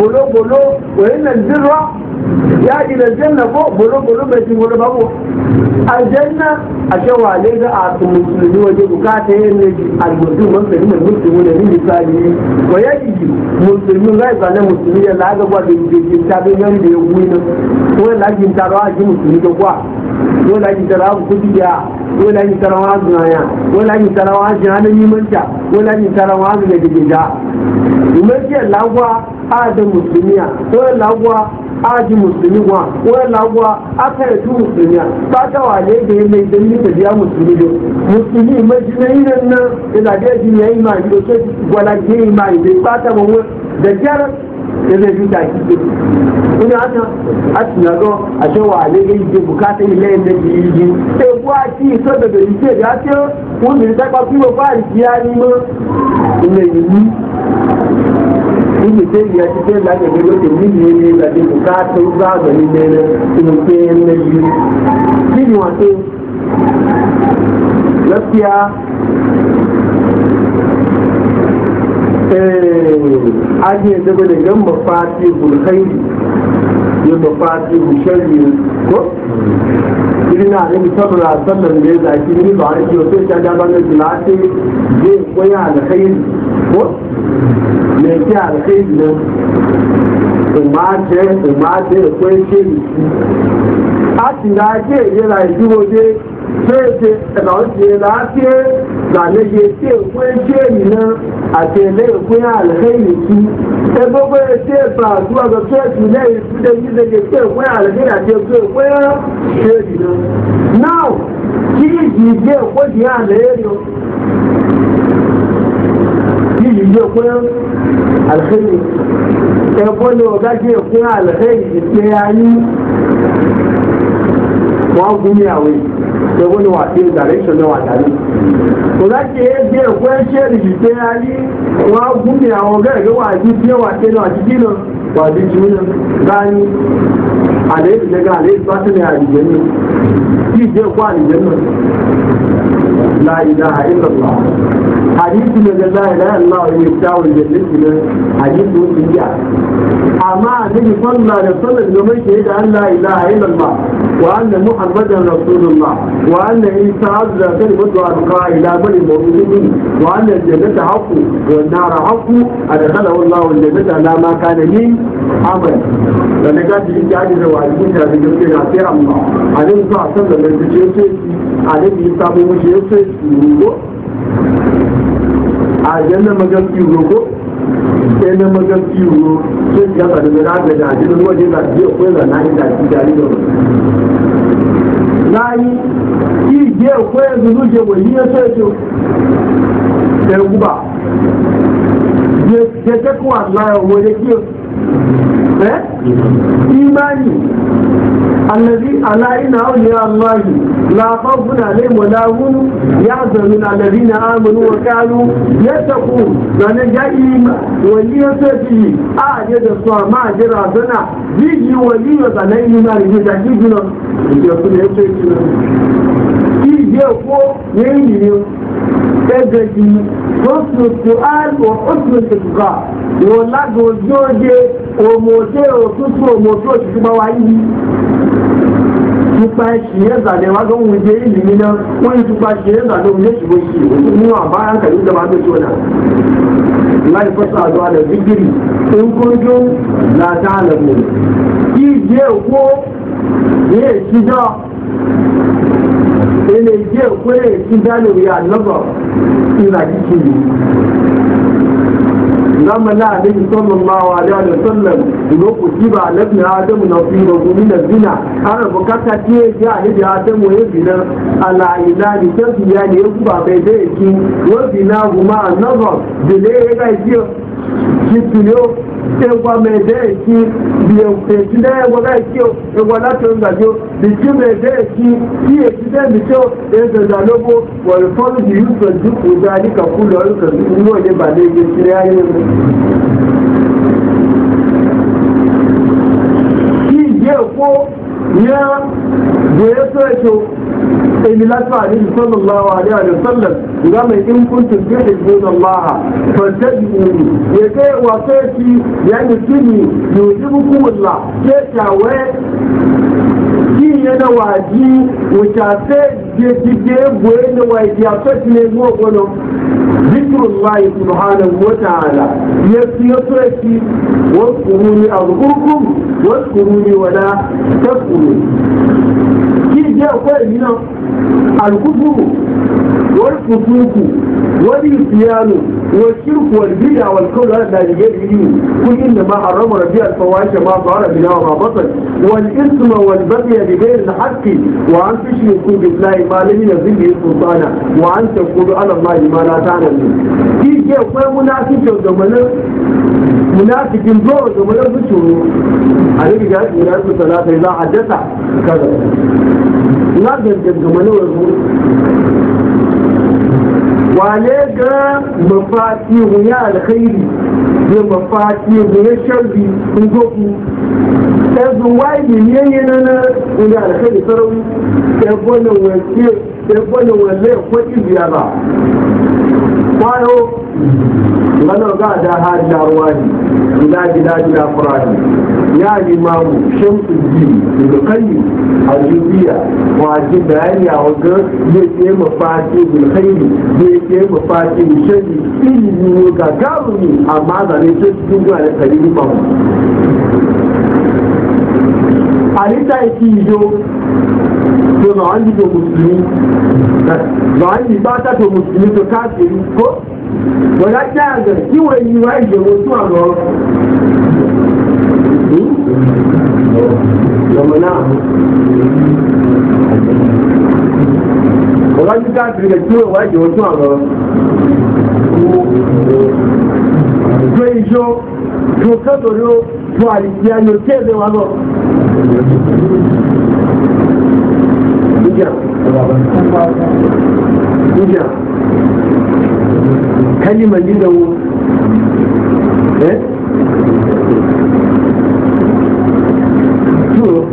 bolo bolo wa inna jirra ya ji da janna ko buru buru bai ci buru babu a janna a cewa ne ga a musulmi waje bukata yin ne almusu musulmi mai musulmi da ni misali ko ya ji musulmi zai zane musulmi ya laga gwa da ke ke ta bin yan da ya gwi nan ko ya lagin taro a ji musulmi da gwa ko lagin taro a kudi ya ko lagin taro a zuwa ko lagin taro a jihar da nimanta ko lagin taro a zuwa da ke da. Imajiyar lagwa a da musulmiya ko lagwa aji musulmi wa wai lagwa aka yi tu musulmi a ba ta wale da ya mai dalili ta biya musulmi do musulmi mai jina yi nan na ila da jini ya yi ma yi doke gwala ke yi ma yi bai ba ta ba wani da gyara ya zai fi taki ke ina haka a tunago a ce wale ya yi bukata yi layin da yi yi yi kuwa ci so daga yi ce da ce wani da ta kwafi ba ba yi ya ni ma ina yi níbi tí ìyá ti dé lágbègbè lókè níbi ilé ìgbàdé kò ká tó bá àgbẹ̀ nílé rẹ̀ inú pé ń lé yìí. Eh, kí ni wọ́n ṣe lọ́síà ajiye daga da gan mafati bulkhairi ya mafati bulshari ko irina ne musamman a sannan da ya zaki ne ba a rikiyo sai ta gaba na jilate zai koya alkhairi ko mai ke yi nan umace umace akwai shiri a ti na ke yi na ìdúró dé ṣéèṣe ẹ̀nà ṣe láti làlẹ́yẹ tí èkúé ṣéèmì náà àti ẹ̀lẹ́ èkúé àlẹ́yìn tí ẹgbẹ́gbẹ́ ṣe ẹ̀fà àdúrà lọ ṣéèṣì lẹ́yìn tí ó ṣe lè ṣe èkúé àlẹ́yìn àti èkúé èkúé ṣéèmì náà. náà kí ìdí ìdí èkó yìí àlẹ́yìn jẹ́ kúrẹ́ alheri ẹ̀kọ́ ni ọ̀gá jẹ́ kúrẹ́ alheri ìpè ayé wọ́n gún ní àwẹ̀ ẹ̀kọ́ ni wà sí ìdàrẹ́sọ̀ náà wà dàrí ọ̀gá jẹ́ jẹ́ kúrẹ́ ṣẹ́rì ìpè ayé wọ́n gún ní àwọn ọ̀gá ẹ̀kọ́ wà sí bí wà sí náà jíjí náà wà sí jù náà báyìí àlẹ́bí lẹ́gà àlẹ́bí bá tẹ̀lé àlìjẹ́ náà kí ìjẹ́ kó àlìjẹ́ náà láì dáa ìlọ́pàá حديث من الله لا الله يفتاوي الجنة حديث من أما النبي صلى الله عليه وسلم أن لا إله إلا الله وأن محمدا رسول الله وأن عيسى عبد كلمة ألقى إلى من المؤمنين وأن الجنة حق والنار حق أدخله الله الجنة على ما كان من عمل لأن كانت الإجابة وعلمتها بجميع الأسير الله عليه الصلاة والسلام عليه الصلاة والسلام عليه الصلاة والسلام aljanna ah, magan fiyo ko sai na magan fiyo sai ya faɗi da raga da ajiyar waje na biyo ko yana na yi da shi da na yi ki je ko ya zuru je wani ya sai to sai guba je ta kuwa ya wani kiyo eh imani الذي على إن أولياء الله لا خوف عليهم ولا هم يحزنون الذين آمنوا وكانوا يتقون لأن ولي وليته أعجز الصامع جرازنا بيجي ولي عليه ما يجي تحجيبنا يقول يتقون Ìdí أفو يجي أفو يجي أفو يجي أفو يجي أفو يجي أفو tó gbà. wọ́n lágòójú òde òmòdé òtútù òmòdé òtútù bá wá yìí nípa ìṣìyẹ́ ìzàlẹ̀ wá tó ń wù ìlú mi náà wọ́n yìí túpa ìṣìyẹ́ ìzàlẹ̀ òun lè ṣùgbọ́n ìṣì mú àbára kàlí ìjọba tó tó náà láì fọ́sọ̀ àjọ alẹ̀ gbígbìrì tó ń kójú làtà alẹ̀ mọ̀ kí ìdí èkó ní èsìjọ́ ilé ìdí èkó èsìjọ́ lórí àlọ́gọ̀ ìlà kíkiri zama na alaihi sallallahu alaihi wa sallam lo ku ji ba alaihi adamu na fi da gumi na zina ana bukata ce ya alaihi adamu ya zina ala ila ni tafi ya ne ya kuba bai da yake wa zina guma annaba dile ya ga ji kitule egwa mede eki bi ekile egwa ga eki o egwa lati o ngajo biki mede eki ki ekile biki o ko ya da ya soke emilatu alaihi sallallahu alaihi wa sallam ga mai in kuntum tuhibbuna Allah fattabi'uni ya kai wa sai ya mutuni yujibukum Allah sai tawe ki yana waji wuta sai je ki gwe ne wa a sai ne mu gono zikrullahi subhanahu wa ta'ala yasu yasu yaki waskuruni azkurkum waskuruni wala tafkuru jẹ́ ọ̀pọ̀ èyí náà alùkúkúrù wọ́n kùtùkù wọ́n ní ìfìyàlù wọ́n ṣírùkù wọ́n bí ìyàwó kan lọ́rọ̀ dàdìgẹ́ ìlú kún ní ìlú máa rọ́mọ̀ rẹ̀ bí àtọwọ́ ṣe máa bọ̀ ọ̀rọ̀ bìnà ọ̀rọ̀ bọ́sẹ̀ wọ́n ìsúnmọ̀ wọ́n bẹ́ẹ̀ yẹ dìgbẹ́ ìlú hàkì wọ́n á fi ṣe ikú bí láì máa lé nílẹ̀ bíbí ìsúnfànà wọ́n á ń tẹ̀ kúrú alàmà yìí máa láta nà ní. kí jẹ́ pé múnáfíkì ọ̀dọ̀mọlẹ́ múnáfíkì bọ́ ọ̀dọ̀mọlẹ́ fún ṣòro àdébìgá ìrẹsùn sọ̀lá magance gamanowar mu wale ga mafatihu ya alkhairi ya mafatihu ya sharbi kun goku ne waje ne na na wani alkhairi sarari ɗabbanin wale ko ibiya ba kwano ganar ga da hajji arwani ila gida gida furani ya limamu shamsu ji daga kanyi a jubiya waje bayani a waga zai ke mafaki bulhaini zai ke mafaki shari ilimi ga gabuni amma zane ce cikin zuwa da kari ba mu a lita yake yi to zawon to musulmi zawon ji ba ta to musulmi to kafiri ko wọ́n á jẹ́ àgbẹ̀ tí wọ́n yí wá ìjọba tún àlọ́ hmm? lọ́mọ náà wọ́n á jẹ́ káàkiri rẹ̀ tí wọ́n wá ìjọba tún àlọ́ tó ìjọ tó kẹ́tọ̀ọ́ tó àlìkí ayọ̀ kéde wà lọ. hijira hijira kalimar da wo eh tuwo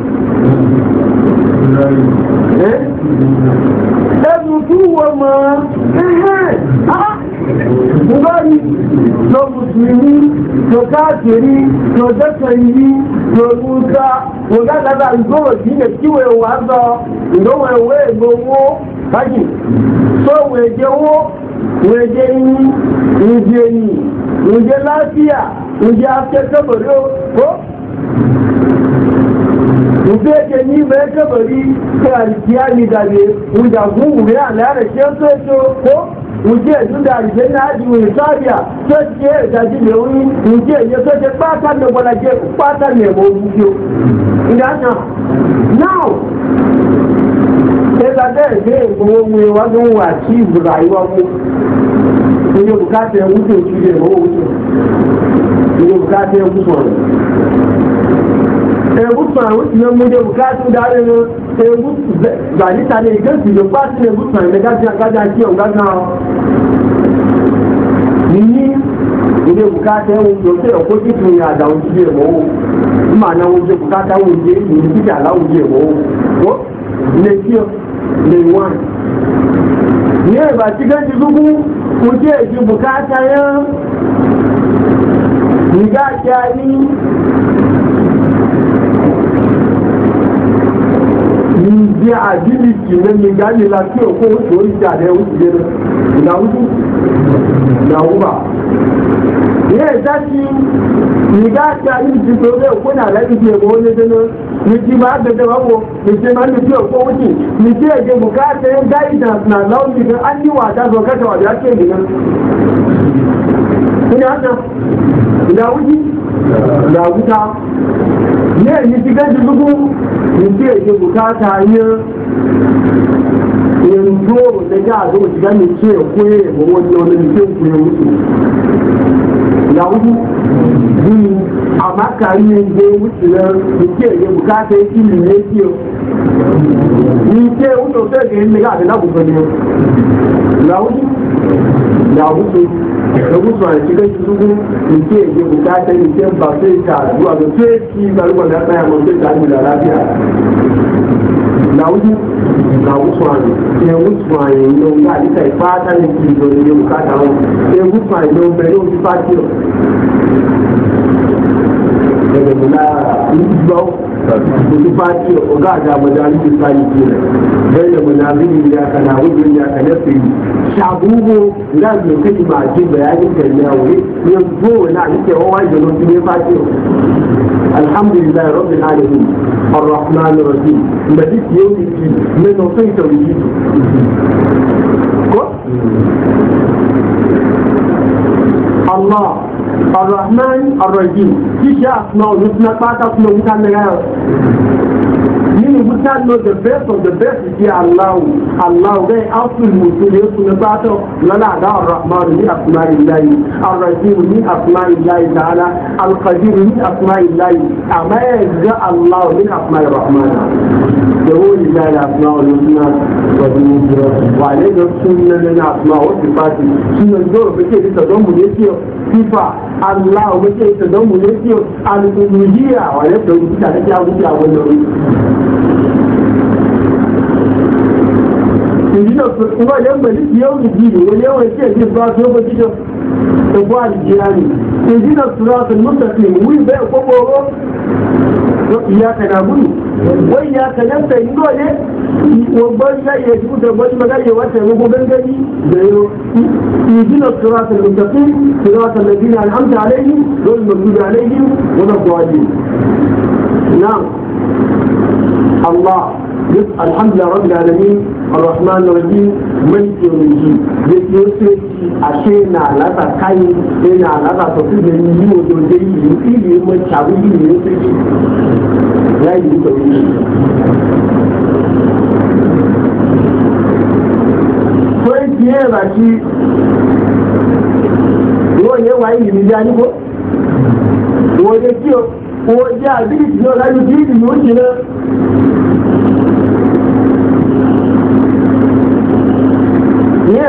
eh ẹnu tuwo ah! ma lọ káàkiri, lọ dẹ́kẹ̀ yìí, lọ Mùsá, wògá dada ìgbòho sí ilé tí wòye wà zọ ìgbòho ìwé ègbò owó kájì tó wòye jẹ owó wòye jẹ yín ìdí èyí ìdí láfíà ìdí afẹ́kẹ́bọ̀rí ó ìdí èjè ní ìwé kẹ́bọ̀rí kí àrìkí á ní dàbí ìdí èyí da ìgbé náà ju ìsáàbíà tó ṣe ìdájí lè o yí ìdí èyí tó ṣe pátá ní ọgbọ́n ajé o ní ẹ̀mọ́ ojú ìdáná náà ẹgbà bẹ́ẹ̀ gbé ìgbòho ohun ìwà tó ń wà sí ìbùrà ìwà mú iye bùkátà ẹ̀wù tó ń ṣe ìwà owó tó ebusman wuce nan mu da bukatu da ne ebu zali ta ne ga su ba su ne busman da ga ga ga ki on ga na ni ile bukata yau to sai ko ki tun ya da wuce ne mo ma na wuce bukata wuce ni ki da la wuce mo ko ne ki ne wan ne ba ti ga ji gugu ku je ji bukata ya ni ga ki ani ní bí àdílìkì lẹ́yìn gáyé la tí òkú oṣù oríṣi àdẹ́ oṣù yẹn lọ ìnáwó ìnáwóbà. Ní ẹ̀dá tí ìgá àti àdílìkì tó lé òkú náà lẹ́yìn tí èkó lé dé náà ní tí máa gbẹdẹ wá wo ní tí máa ní tí òkú oṣù ní tí èdè bùkátà ń gáyé dànù náà láwọn ìgbẹ́ á níwà àdájọ́ kẹta wà bí á kéde náà. Ìnáwó da wuta ne yi shigar da zuku yanzu ya ke bukata yin yanzu da ja zo shigar da ke kuye ba wani wani ke kuye wuce da wuku biyu amma kari yanzu wuce nan da ke bukata ya ke ne ke Ike ụlọ fẹ́ẹ̀kì ilé káàdì lábùkọ ni làwùjọ làwùjọ lọ́gùsọ̀ àìsíkẹ́ ìṣúgbó ìké èdè bùkátẹ́ ìké ń bà fẹ́ ìka àdúrà lọ fẹ́ kí ìgbàlúwà ní apáyà mọ̀ fẹ́ ìdájú làlábíà. Làwùjọ làwùjọ àyè ẹ̀wùjọ àyè ìlú ọ̀gá àdìsá ìpáátá ní kí ìjọ ìlú bùkátà wọn ẹ̀wùjọ àyè ìlú ọ̀bẹ yóò fi pàṣẹ ọ̀. Ẹ̀rẹ̀ kutu fati oga da majalisi sani kira bai da manazini ya kana wajen ya kana fi shabubu na mai kai ma ji bayanin kan ya wuri ya zo na ake wawa da rufi ne fati alhamdulillah rabbil alamin الرحمن الرحيم ملك يوم الدين من وصيت وجيته Allah arahman arahim ṣíṣe àtúnà olùsúná pátákùn lóhun ká mẹ́ra ẹ̀ nínú wí ká lo the best of the best ti aláwò aláwò bẹ́ẹ̀ áfíìl mùsùlùmí ó tún nípa tó lọ́la àdá arahman ní àtúnà ìláyé arahim ní àtúnà ìláyé tààlà alkadir ní àtúnà ìláyé àmọ́ ẹ̀ gbá aláwò ní àtúnà ìrahman. ولله الاسماء الحسنى فادعوه وعليه السنه لنا اسماء وصفاته سنه دور بكيف تضم يسير صفه الله بكيف تضم يسير الالوهيه وعليه السنه التي اوجدها والنبي ìdíjọ́ ìwọ́ ìyẹ́gbẹ̀ ní ti yóò dìdì ìwé yẹ́wọ̀ ìṣẹ́ ìdí ìfúra tí ó bójújọ́ ẹ̀bọ́ àdìjì ránì ìdíjọ́ ìfúra tí ó mú tẹ̀sí ìwú ìbẹ́ ìkókó owó iyaka na gudu wai iyaka nan ta yi dole wabban zai ya shigo da wani magana wata rubu gangani da yau يجينا الصراط المستقيم صراط الذين أنعمت عليهم غير المغضوب عليهم ولا الضالين نعم الله الحمد لله رب العالمين الرحمن الرحيم ملك يوم الدين يتيو سيكي أشينا لذا كاي إنا لذا تصيب يو دوزي يوكيل يوم الشعبي يو سيكي لا يوكيل Fẹ́ẹ̀kì ẹ̀ bàtí wọ́n yẹ wáyé ìrìnlẹ̀ àníkó, wọ́n yẹ kí o, wọ́n jẹ́ àbíkì náà láyé bí ìdìbò jìnnà.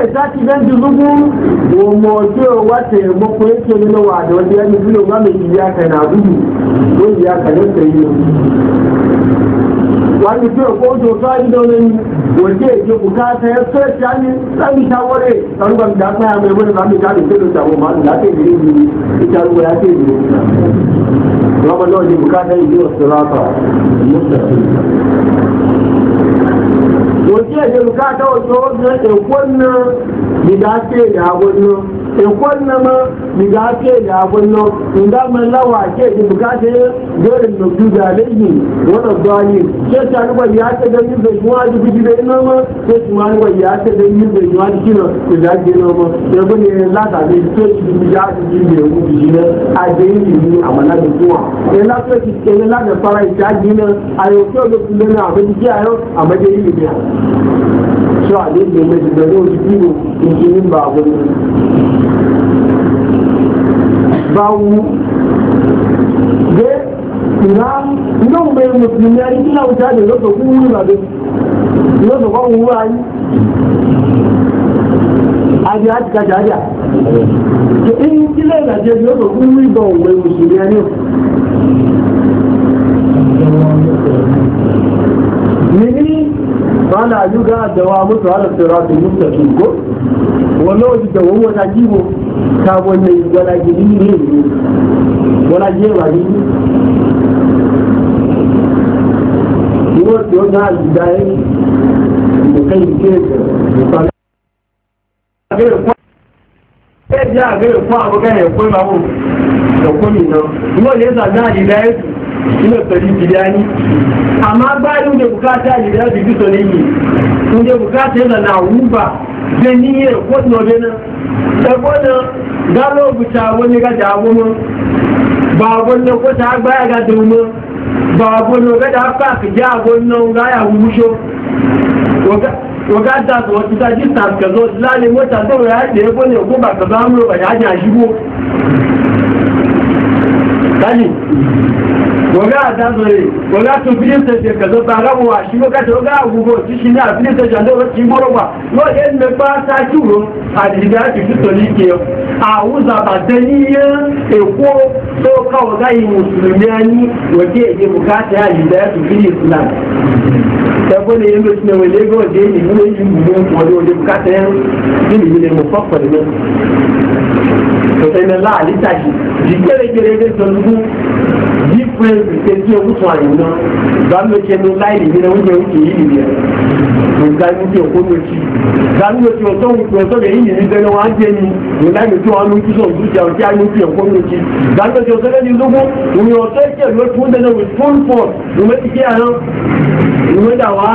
ya sati dan dubu wa mote wata ya bako yake nuna wa da wani yanzu zuwa ma mai iyaka na gudu ko iyaka na sayi wani fi ko to sai da wani wace ke bukata ya sai ya ni sai ta wore kan ban da ta mai wani ba mi ta da sai ta ma da ta yi ni ita ruwa 我这就干到昨天就问呢，你咋这样问呢？ikon nama mi ga ke da abunno in da man lawa ke da bukata dole mu ku da laifi wannan dani ke ta ruwa ya ta da yin da kuma da biji da nama ke kuma ruwa ya ta da yin da kuma shi na da da ke nama da bane la da ne ke shi ya ji ne da ku biji na a da yin ni amana da kuwa eh la ke ki ke la da fara ta ji na ayo ke da kuma na abin ji ayo a majalisi ne so a da ne da da ne ji ko in ji ba báwo gbé ìlà yóò gbé mùsùlùmí ayé kí náà wọ́n lọ́wọ́ ti tẹ̀wọ́ wọn la jí wo káwọn ní ìgbọ́lá yìí ní ilé ìlú wọ́n la jí ìwà yìí. ìwọ́n tí ó náà gbà ẹ́ ìgbọ̀kẹ́ yìí ké ìgbàlẹ́. ẹ̀jẹ̀ àgbẹ̀rẹ̀ fún àbúkẹ́ yẹn fún ìmàwò ọ̀pọ̀ mi náà ìwọ́n lè sà náà ìgbà ẹ̀ ilé pẹ̀lú ìdílé ayé àmọ́ agbáyé ń jẹ́ bùkátà ìdílé ọ̀dùnkú sọ lẹ́yìn ìlànà àwùbà da niyyar kwallo da nan da kwanan galo buta wani ga damu ba gwanon kwata baya ga damu ba gwanon ga da haka ka ji a gwanon ga ya wusho waga da su wata ta ji ta ka zo lalle mota zau ya da ya gwanon ko ba ka zamu ba ya haɗe a shigo wọ́gá àdáńsọ̀rẹ̀ wọ́gá tó a ń tẹ̀sẹ̀ kẹ̀sọ́ tààrà wọ́n a kẹta wọ́gá àgbogbo tí ṣe ní àfílẹ̀ tẹ̀sẹ̀ àdọ́wọ́ ti gbọ́rọ̀ wà wọ́n yẹ́ mẹ́fà sájúrò àdìdá ti fi tọ̀lé a ọ àwùzàbàtẹ́ níyẹ́ èkó tó ká ko yìí mùsùlùmí ẹni wọ́gá èdè bùkátà àdìdá ti fi islam de ni mu ló ti náwó ilé gbọ́n dé ìlú èyí ìlú wọlé òde bùkátà ne nínú ìlú ẹ̀mọ́ fọ́pọ̀ nínú. tòtẹ́ ní láàlítàjì ìgbèrègbèrè ẹgbẹ́ sọ̀rọ̀ fẹ́ ìpèsè tí o kùtù àyè náà gbàmí oṣù ẹnu láì lè nínú oúnjẹ oúnjẹ yìí nìyẹn nǹkan ní ti òkú ní oṣù gbàmí oṣù ọ̀tọ̀ òkú ọ̀tọ̀ lè yìí nìyẹn bẹ́ẹ̀ wọ́n á jẹ́ ni nǹkan ní oṣù wọn ní oṣù sọ̀rọ̀ ìjà ọ̀tí àyè ti òkú ní oṣù gbàmí oṣù ọ̀tọ̀ lẹ́ni lógún òun ọ̀tọ̀ ìjẹ́ ìlú fún dẹ́nà with full force ìwé ti kí àná ìwé dà wá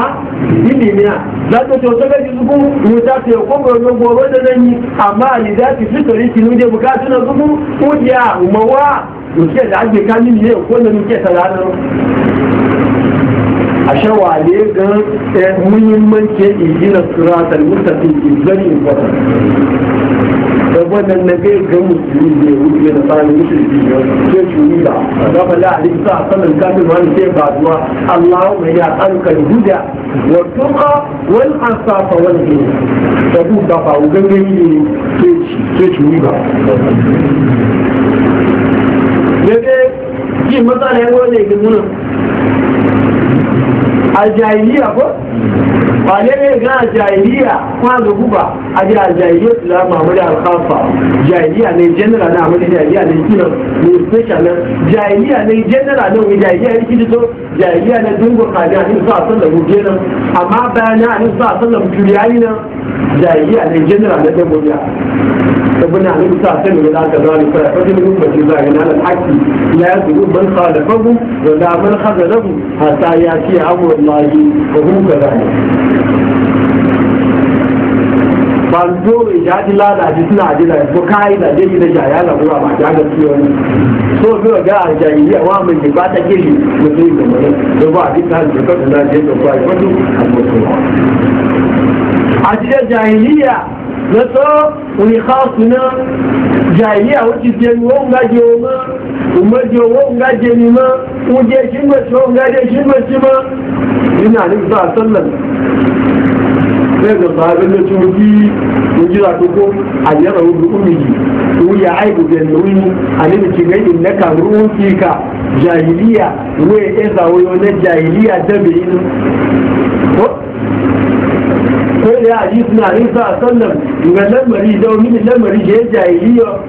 ìlì ni à gbàmí oṣù ọ̀tọ̀ lẹ́ni lógún ìwé ta ti òkú mi ológun ọ̀rọ̀ dẹ́nà yìí àmọ́ àlìdá ti fítorí ti ní oúnjẹ bùkátì náà lógún ó yà àwùmọ̀ wá nke da ake kani ne ko da muke salarin a shawale ga muhimmancin ijina suratar mutafi is very important wannan na gai ga musulmi ne wuce da tsara musulmi ne ke shuri ba ga fala alisa a saman kafin wani ke baduwa allahu mai ya tsarukan huda wa tuka wal asafa wal hin da duk da ba gangan ne ke shuri ba kí mọ́tàlẹ́wọ́ lè gbẹ̀múnà àjàìlú ko ba ne ne ga jahiliya kwazo guba a ji a jahiliya islam mahmudu al-khafa jahiliya ne general na amadu jahiliya ne kilo ne special na jahiliya ne general na wani jahiliya ne kilo to jahiliya ne dungo kaji a ne sa san da gobe nan amma bayan na ne sa san da mutuliyayi nan jahiliya ne general na dabobiya ربنا عليه الساعة سنة من هذا ذلك فرحمة من أمة الله إن على الحق لا يدعو من خالفه ولا من خذله حتى يأتي أمر الله وهو كذلك ban zo mai jaji suna ajiyar ko kayi da da jaya na kuma ba jaga ciwon so wa gara jahiliya mai bata gili mutum da mai da ba a da jahiliya lọ́tọ́ oníkà ọ̀sùnà jàìlì àwọn ti jẹ́ ìwọ́ ǹgájẹ́ ọmọ òmọ́jẹ́ owó ǹgájẹ́ ni mọ́ oúnjẹ ìṣínmọ̀sí ọ̀gájẹ́ ìṣínmọ̀sí mọ́ nínú àríwá sọ́lọ̀ lẹ́gbẹ̀ẹ́ sàárẹ́ lẹ́tọ́ ojú ìjírà gbogbo àyẹ̀rọ̀ olùkú mi yìí òun yà áìbù gẹ̀lẹ̀ òun àníbi ti rẹ̀ ìnẹ́ka rúrún sí ìka jàìlíà wé ẹ̀zà oyọ̀ na jahiliya dẹ́bẹ̀ ina. sai da hadisi na alaihi sallam ga lamari da wani lamari da ya jahiliya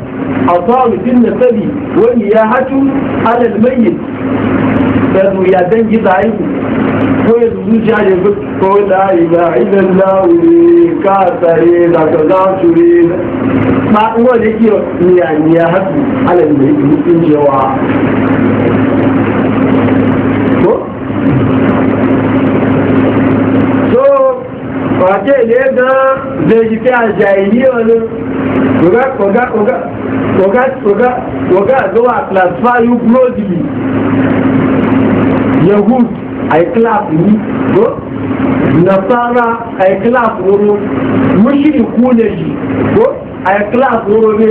asawu fil nasabi wa iyahatu ala al mayyit da ya dangi zai ko ya zuciya ne ko da ila ila Allah ne ka tare da ka za su ne ba uwa ne ke niya niya hatu ala al mayyit mutuncewa wàtí èlé gan lèyí fẹ́ àjà ìlú ọ̀nà ọ̀gá àgbọ́wà àtìlàsífà yóò gbúròdìlì àìkíláàpù ní gbọ́ nasara àìkíláàpù oró mùsùlùmí kú lèyí gbọ́ àìkíláàpù oró ní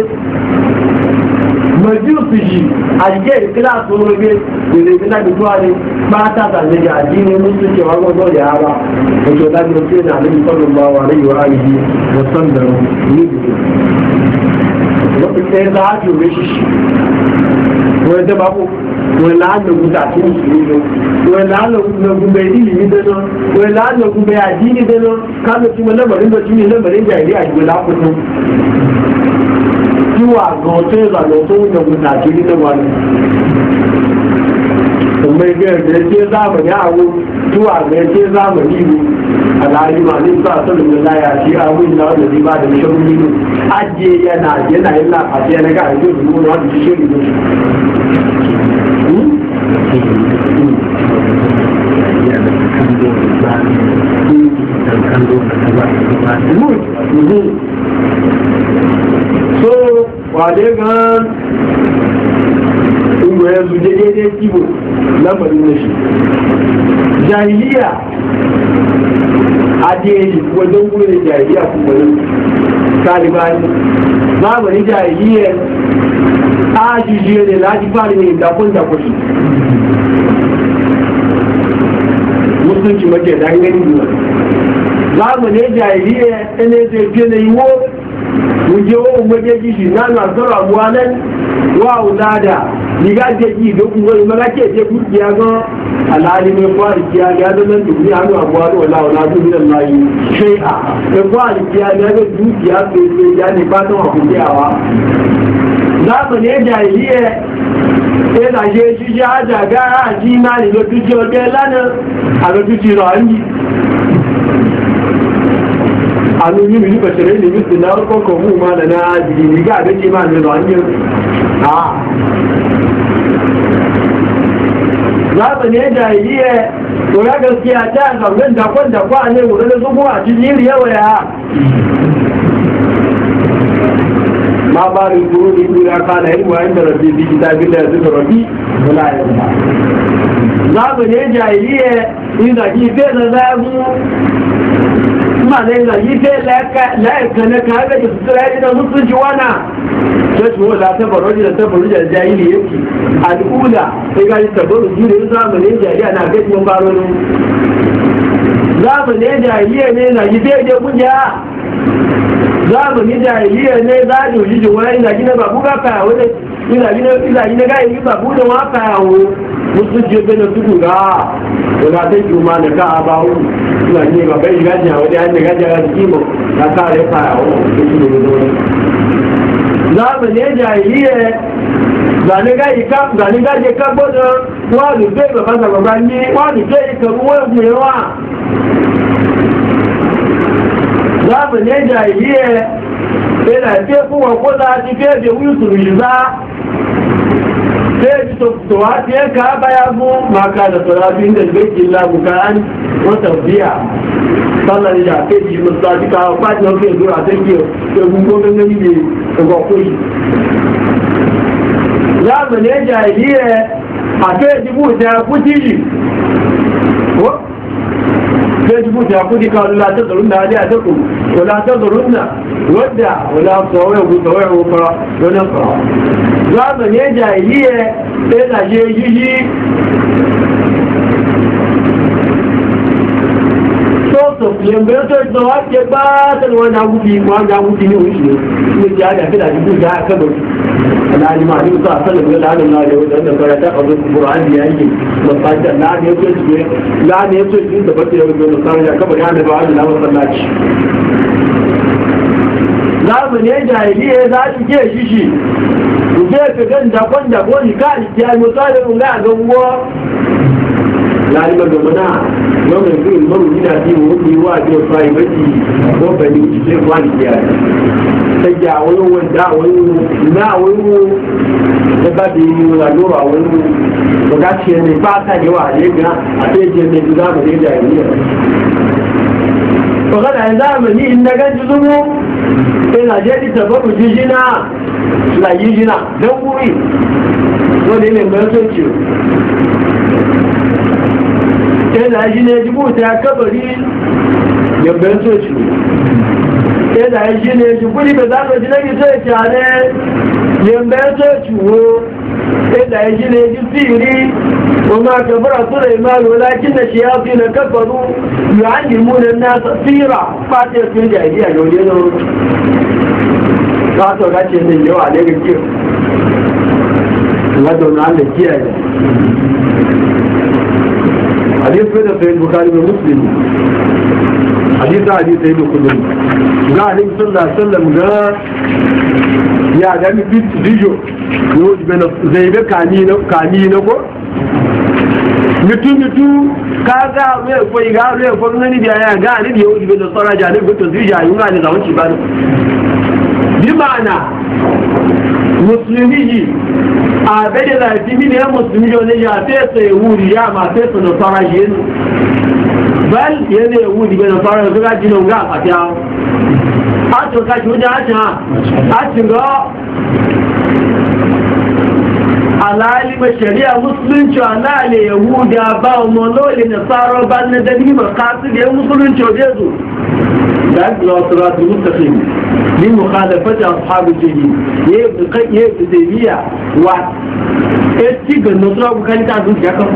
mọ̀júùsì yìí àjíjẹ́ ìkíláàsì olóògbé èrè ìpínlẹ̀ ìjọ àti pátá àtàlejò àjí ní mùsùlùmí wà gbọ́dọ̀ yà wá oṣù ọ̀dájú tí ní àlejò sọ́dọ̀ bá wà lẹ́yìn wá yìí wọ́n sọ́dọ̀ ní ìdìbò. wọ́n ti fẹ́ láàájú rẹ̀ ṣíṣì wọ́n ẹ̀dẹ́ bá kú wọ́n lálògùn tàbí ìṣòro wọ́n lálògùn bẹ ìlìmí dáná wọ́n lálògùn bẹ àdínì dáná káàdùn tí wọ́n lẹ́mọ̀rí lọ́tí ní lẹ́mọ̀rí ìjà ìrí àjò lákòókò wà lọ́tọ́ ìlànà tó ń yẹ̀wò nàìjírí ní wà ní ọmọ ẹgbẹ́ ẹgbẹ́ tí ó sáàmù ní àwọ tí wà ẹgbẹ́ tí ó sáàmù ní ìlú àlàyé wà ní ìgbà tó lè láyà sí àwọn ìlà ọ̀dọ̀ ní ìbàdàn ìṣọ́rú nínú ajé ẹyẹ náà jẹ́ náà ńlá àti ẹnẹ́gà ìlú ìlú wọn ti ṣiṣẹ́ ìlú Good. Mm-hmm. wàdé gan ìwé ẹ̀sùn déédéé kíbò lámàrin lẹ́sì jàìlíà adéèlì wọ́dọ̀ wúlò jàìlíà fún wọ́dọ̀ kálíbáyé lámàrin jàìlíà ájújú ẹ̀rẹ̀ láti fárí ìdàkúndàkúndì musulunci mace da hanyar yi zamani jahiliya ne zai fiye da yiwu wuje wa umma shi na na zara buwanan wa da ni ga jeji da kuma ma ga ke je gudiya ga alali mai kwari kiya ga da nan hannu abuwa da wala wala da min Allah shay'a da kwari kiya ga da dukiya sai sai ya ne fatan wa kudiyawa za mu ne jahiliya sai da je shi ja daga na ne da dukiyar da lana a da dukiyar hannu yi mini ba shirai da misi na koko kogu ma da na ajiyar riga a dake ma da hanyar a za su ne jahiliya to ya gaskiya ta zangon dakon dakwa ne wurin da zubo a cikin yawa ya ما بال القرون إذا كان علم عند ربي في كتاب الله سيد ربي ولا يعلم زمن الجاهلية إذا كيف ذهبوا zamanin na yi sai la'aika na ka da sutura ya da musulunci wana ta ci wala ta baroji da ta baroji da jahili yake al'ula ta gani ta baroji da yin zamanin na gaji mun baroni zamanin jahiliya ne na yi sai da kungiya zamanin jahiliya ne za a doji jiwa ina gina babu ga fayawo ina gina ga yi babu da wa fayawo musulunci bai na tudu ga wala ta yi ma na ka ba hu suna ne ba bai gaji a wani hanyar gaji a jiki mu na ka ya fara wani su ne zo ne zamani ya jahiliya zane gaji ka zane gaji ka gbọdọ lè gbé bàbá sàgbàgbà ní wọn lè gbé ìkàwé wọn gbé wa zamani ya jahiliya bai na fiye fún wọn kó láti fiye bai sai to wasu yanka e baya mu maka da sarari da zai la bukaan wata biya sallar da ke ji mun sa duka ba ta ke dura ta ke ke mun ko nan ne ne ko ko yi ya ba jahiliya e e, a ke ji mu da kuji ko ke ji mu da kuji ka Allah ta zarun da hadiya ta ku ولا تضربن ودع ولا تصوره وتصوره وقرا ونقرا زمن جاهليه بين جيجي sọ́ọ̀tọ̀ lẹ́gbẹ̀ẹ́ tó ìtàn jẹ bá tẹ́lẹ̀ wọn dáwú bí wọn ní oríṣìí ní ti àjà kí làjú bùjá akẹ́lọ̀ aláàlímà ní ìtọ́ àtọ́lẹ̀gbẹ́ láàrin zamanin jahiliya za su ke shishi gefe gan dakon dakon ka ya misalin ga gango ya yi magamana yau da zai maru gina fi wani wa ke fayi mafi ko bani ce kwani ya ta ya wani wanda wani na wani da ba da yi wani lura wani ba ga ce ne ba ta ne wa ne ga a ce ce ne za mu ne da yi ne da zamani in na ganci zumu na je di tabaru jijina na yijina don wuri wani ne mai soci sai na shi ne jibu ta kabari ya mai soci sai na shi ne jibu ne bai zaɓa ji na yi soci ne ya mai soci wo sai na shi ne ji siri وما كبر سليمان ولكن الشياطين كفروا يعلمون الناس سيرا فاتح في الجاهلية يقولون za so ka ce min yawa ne ga kiyo na don Allah kiyaye hadith da sai bukari da muslim hadith hadith sai bukari ga alim sallallahu alaihi wasallam ga ya ga mi bit video yo zai be kani na kani na ko mitu mitu ka ga ruwa ko ga ruwa ko ngani biya ya ga ni biya uji da tsara ja ni gutu zija yun ga ni da wanci ba ni bi ma'ana musulmi a bade da timi ne musulmi ne ya fesa ya e, wuri ya ma fesa da tsara yin bal yana ya wuri da tsara ga jinon ga fatiya a to ka shi wajen a ci ga alali ba shari'a musulunci alali yahuda ba monoli na tsaro ba na dani ba kasu da ya musulunci waje zo da ake zuwa su rasu mustafin ni mukhalafata ashabu jini ya yi bukai ya yi bidaniya wa ya ci ga nasara bukani ta zuciya kan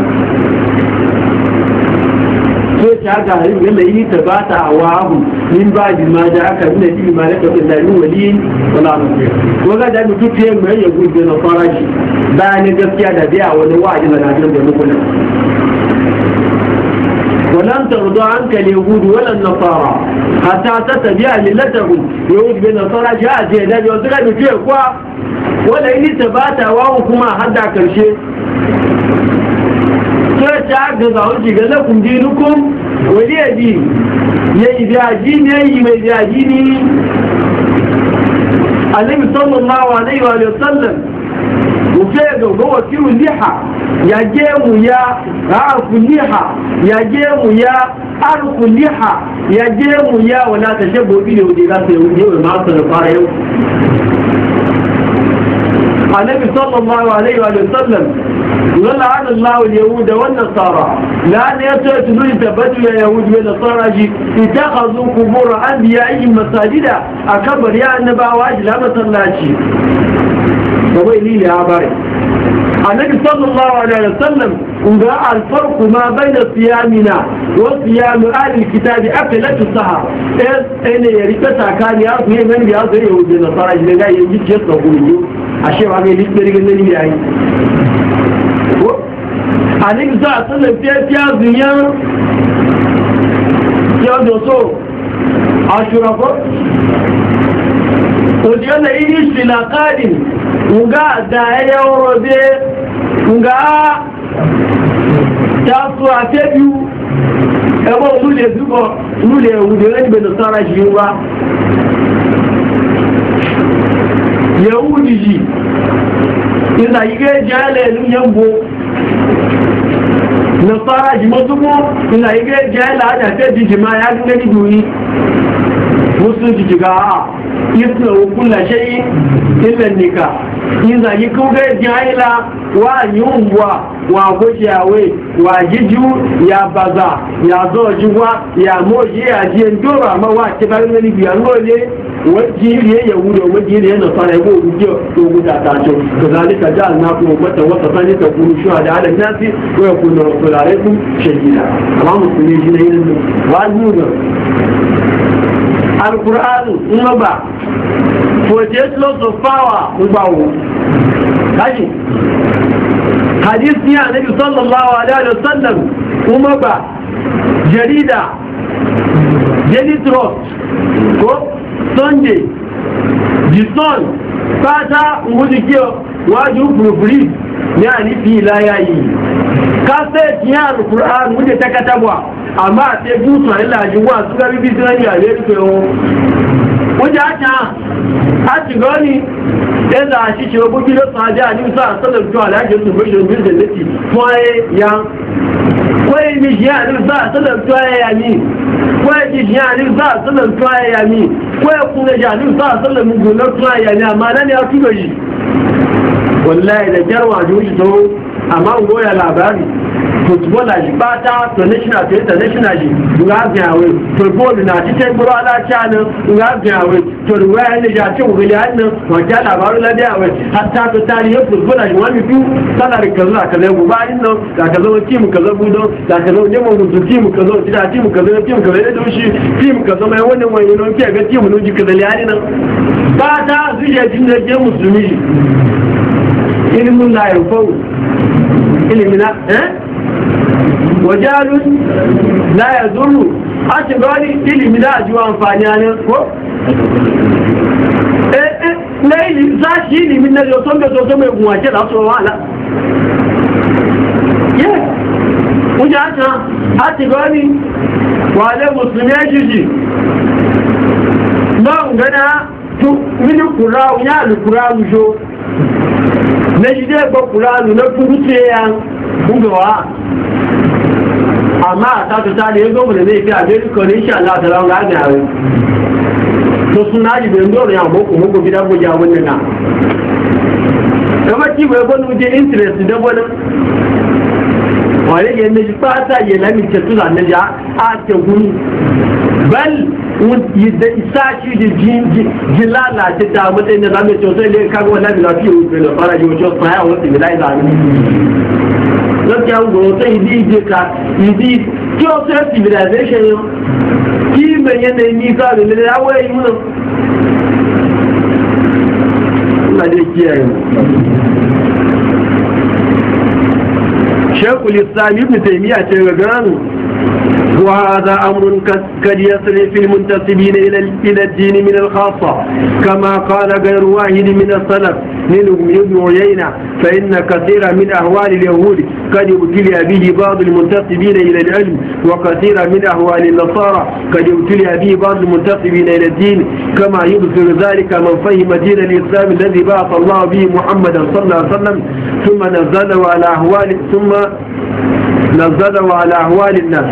ko ta ga harin yanayi ta ba ta a wahu min ba ji ma da aka nuna ji ma da kafin da yi waliyin wala mafiya ko ga da mutu fiye mai yagudu na farashi bayanin gaskiya da biya wani wa'adi na najirin da nukuna ولن ترضى عنك اليهود ولا النصارى حتى تتبع ملتهم يهود بالنصارى جاءت يا نبي وزغا بفيه كوا ولا إني تباتا واو كما حدا كرشي ta haka za a shiga na kunje nukun wani yaji ya yi jaji ne yi mai jaji ne annabi sallallahu alaihi wa sallam وفيه دوغو وكيل اللحى يا جيم يا عرف اللحى يا جيم يا عرف اللحى يا جيم يا ولا تشبه باليهودي لا تيهودي وما صرفها يوم النبي صلى الله عليه وآله وسلم قال عن الله اليهود والنصارى لأن يتأتون تبدل اليهود والنصارى اتخذوا قبور أنبيائهم مساجدا أكبر يا النبا واجل أمة الله وما إليه لعباري النبي صلى الله عليه وسلم وضع الفرق ما بين صيامنا وصيام آل الكتاب أكلة إذ إن يريتها كان يأخذ من بيأخذ يهود النصارى إذا قال يجب جسد أقول أشياء عمي لكبير قلنا لي يعني النبي صلى الله عليه وسلم في أسياء زيان صيام دكتور عشرة فرق وديانا إيش في لقادم nga da ya robe nga ta su a tebi ebe olu le zubo olu le wude ne be no sara ji wa yahudi ji ina yi ga jale lu yambo na fara ji mazubo ina yi ga jale ana tebi ji ma ya gane ni duni musulunci ji ga a isna hukun e lashe illan nika inza yi kuga jahila wa yumbwa wa gojawe wa jiju ya baza ya zo zojuwa ya moji ya je ndora ma wa ti bari ngani bi angole waji ye ya wudo waji ye na fara go wudo to guda ta to kazalika na kum mata wa tasani ta kunu shuhada ala nasi wa yakunu rasul alaikum shahida amma musulmi shi ne yin wa nuna alqur'an in ba forty-eight lots of power gbogbo àwọ̀ láyé hadith ní ànábì sallallahu alayhi wa sallam umogba jarida daily trust ko sunday the sun pátá ngúdíkí wájú pùrùpùrì ní ànífi ìláyà yìí kásẹ̀tì ní àrùkùrán múdé tẹ́kátàbọ̀ àmá àti ẹgbùsùn àìlàjú wọn àtúgbà bíbí sí lẹ́yìn àyẹ́rùfẹ́ wọn wọ́njẹ́ àjá àti gọ́ọ̀nì ẹ̀zà àṣìṣe ogójì a sàn ajá àdínsà sọ́dọ̀ jọ aláàjẹ́ sọ̀rọ̀ mílẹ̀ létí fún ayé ya kwaye mi ṣe a sọ́dọ̀ jọ ayẹyà mi kwaye ti ṣe àdínsà sọ́dọ̀ jọ ayẹyà mi kwaye kúnlẹ̀ ṣe àdínsà sọ́dọ̀ mi gùn lọ́tún ayẹyà mi àmà amma ni ya túbọ̀ yìí wallahi da kyar wajen wuce to amma goya labari footballer yìí bá dá to national to international yìí nga gbìn àwẹ̀ to bọ́ọ̀lù náà títẹ́ gbọ́rọ̀ aláṣẹ àná nga gbìn àwẹ̀ to ìwé ẹlẹ́yà tí òun gbélé àná wọ́n já làbárò lẹ́dẹ̀ àwẹ̀ hata to tari yẹ footballer yìí da mi fi sálàrì kan náà kẹlẹ́ wò báyìí náà làkẹ́lẹ́ wọn tíìmù kẹlẹ́ bú dán làkẹ́lẹ́ wọn yẹ́mọ̀ wùdù tíìmù kẹlẹ́ wọn títà tíìmù kẹlẹ́ wọn tíìmù kẹlẹ́ lẹ́dọ̀ sí tíìmù kẹlẹ́ wọn wọ́n ní wọn yìí náà kí ẹ̀gẹ́ tíìmù ló ju kẹlẹ́ lẹ́yà nínú. bá a dá àzúyẹ̀ jíjẹ jẹ́ mùsùlùmí ilimin na yau ilimin na eh wajalun na ya zuru a ti gani ilimi da ajiwa amfani a nan ko? na ilimi za shi ilimin na yoson da zozo mai guwace da su wala yes kuje haka a ti gani wale musulmi ya jiji na gana mini kura ya alukura wujo na jide ba kura nuna turu tsaye kungawa amma ta fita da ya gwamna zai fi a bai duka ne insha Allah mu na kamar ya ìsáàṣì jí lánàá àti dààmú tẹ́yìn yi lábẹ́ ìjọsọ ilé ya lábìlá sí òun pẹ̀lú ọ̀fàrà yóò jọ yi àwọn tèmi láì láàrin lọ́kẹ́ àwọn òun tẹ́ ìdí ìdí ka ìdí tí ó fẹ́ civilization yẹn kí ìmẹ̀yẹn náà ní ìfẹ́ àrùn lẹ́lẹ́ awọ́ ẹ̀yìn náà. Ìlàdé kí ẹ̀rùn. Ṣé kò lè sa ní ìpìtẹ̀ ìmí àti ẹ̀rọ̀ ga an وهذا أمر قد يصل في المنتسبين إلى الدين من الخاصة كما قال غير واحد من السلف منهم ابن عيينة فإن كثيرا من أهوال اليهود قد ابتلي به بعض المنتسبين إلى العلم وكثيرا من أهوال النصارى قد ابتلي به بعض المنتسبين إلى الدين كما يبصر ذلك من فهم دين الإسلام الذي بعث الله به محمدا صلى الله عليه وسلم ثم نزله على أهوال ثم نزله على أهوال الناس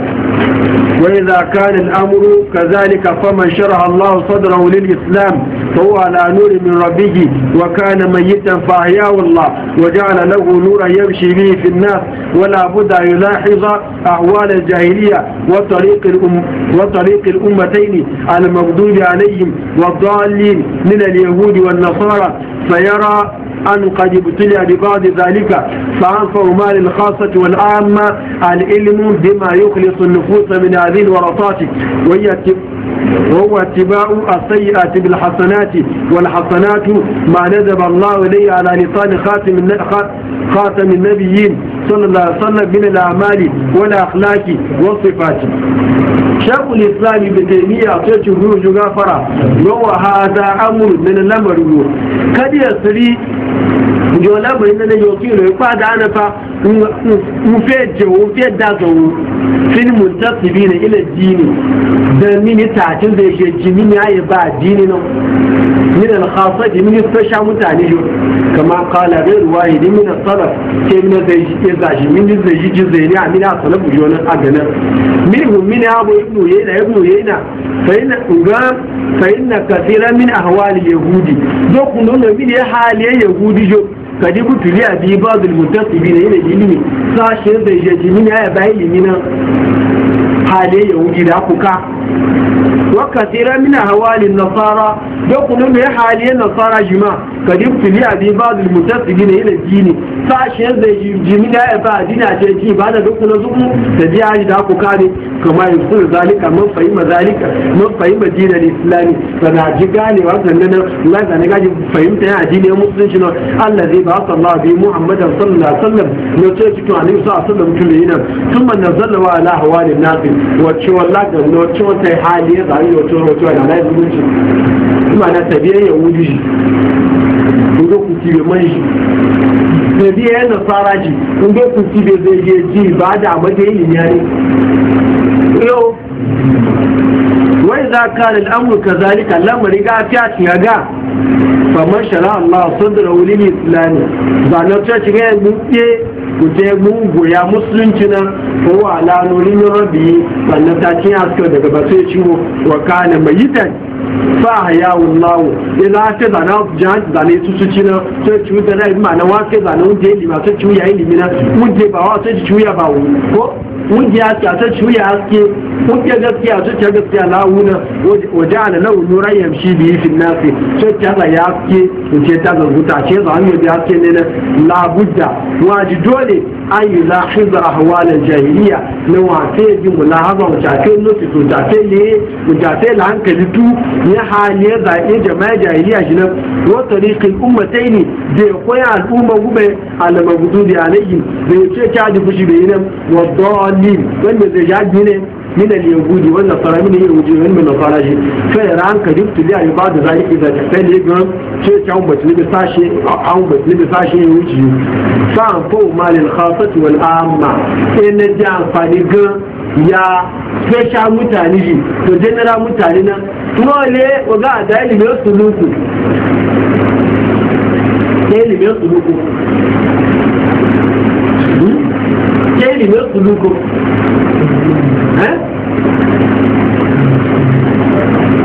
وإذا كان الأمر كذلك فمن شرح الله صدره للإسلام فهو على نور من ربه وكان ميتا فأحياه الله وجعل له نورا يمشي به في الناس ولا بد أن يلاحظ أحوال الجاهلية وطريق, الأم وطريق الأمتين المغضوب عليهم والضالين من اليهود والنصارى فيرى أن قد ابتلي ببعض ذلك فأنفع مال الخاصة والعامة العلم بما يخلص النفوس من هذه الورطات وهي وهو اتباع السيئات بالحسنات والحسنات ما ندب الله إليه على لسان خاتم خاتم النبيين sallallahu alaihi wasallam min al-amali wal akhlaqi wa sifati shaykh al-islam ibn taymiya ta ce ruju gafara hada amru min al kadi yasri ìjọ ọlọ́gbọ̀n iná lẹ́yìn òkè ìròyìn pàdé ànàfà ń fẹ́ jẹ̀wò ń fẹ́ dàgbọ̀wò fílmù tẹ́sìbí ní ilẹ̀ jíìnì dẹ̀mí ní tààtí ń zai ṣe jìmí ní ayé bá jíìnì náà من الخاصة من الفشا متعنيه كما قال غير واحد من الطرف كي من الزيج من الزيج جزيني عمين أصلا بجونا أغنى kadi ku fili a biyu ba zul mutasibi na yana ilimi sashen da ya jimi na ya bayi ilimi na hale ya wuce da kuka wa kasira min hawalin nasara da kuma mai haliyen nasara jima kadi ku fili a biyu ba zul mutasibi na yana jini sashen da jimi na ya ba dina ce ji ba da duk na zuku da biya da kuka ne kama yin kun zalika man fahima zalika man fahima dinar islami sana ji ganewa sannan na zane gaji fahimta ya addinin musulunci na allah zai sa aka Allah bi Muhammadan sallallahu alaihi wasallam ne ce cikin Ali sallallahu alaihi wasallam kuma yana kuma na zallawa ala hawali nafi wacce wallahi ga no ce wata hali ya zai yi wato wato da lai zuci kuma na tabiyan ya wuri shi ko ku ki mai shi tabiyan na fara ji ko ku ki be zai ji ba da amma dai ne wai za ka da al'amur ka zalika lamarin ga fiya ciya ga famar shara Allah sun da rauni ne islami zanen ta shiga ya gutse kuta ya musulunci na kowa alanolin rabi sannan ta ciya suka daga basu ya ciwo na kana mai yitan fa hayawun lawo ya za ta zana jihar zane su su ci na sai ciwu da rai ma na wa sai zane wunde lima sai ciwu ya yi limina wunde ba wa sai ciwu ya ba wuni ko wunde ya ta sai ciwu ya haske wunde gaskiya sai ta gaskiya lawuna waje ana lau nuran yamshi biyu fin nasi sai ta za ya haske in ce ta zanguta ce za mu yi haske ne na labudda waji dole an yi lahiza a hawalar jahiliya na wafe ji mulahaba wujafe lotis wujafe ne wujafe la hankali tu ya haliyar zaɓe jama'a jahiliya shi nan wata rikin ummatai ne da ya koya al'umma gube alama gudu da alayhi da ya ce ta ji fushi da yi nan wadda wanda zai jaji ne من اليهود والنصارى من اليهود من النصارى جي فيرى عنك جبت لي بعد ذلك إذا تفعل يقرم شيء عم بتلبي ساشي عم بتلبي ساشي يوجي فان فو مال الخاصة والعامة إن جان فانيق يا فشا متاني جي وجنرا متاني نا نولي وقاعد علم يسلوكو علم يسلوكو علم يسلوكو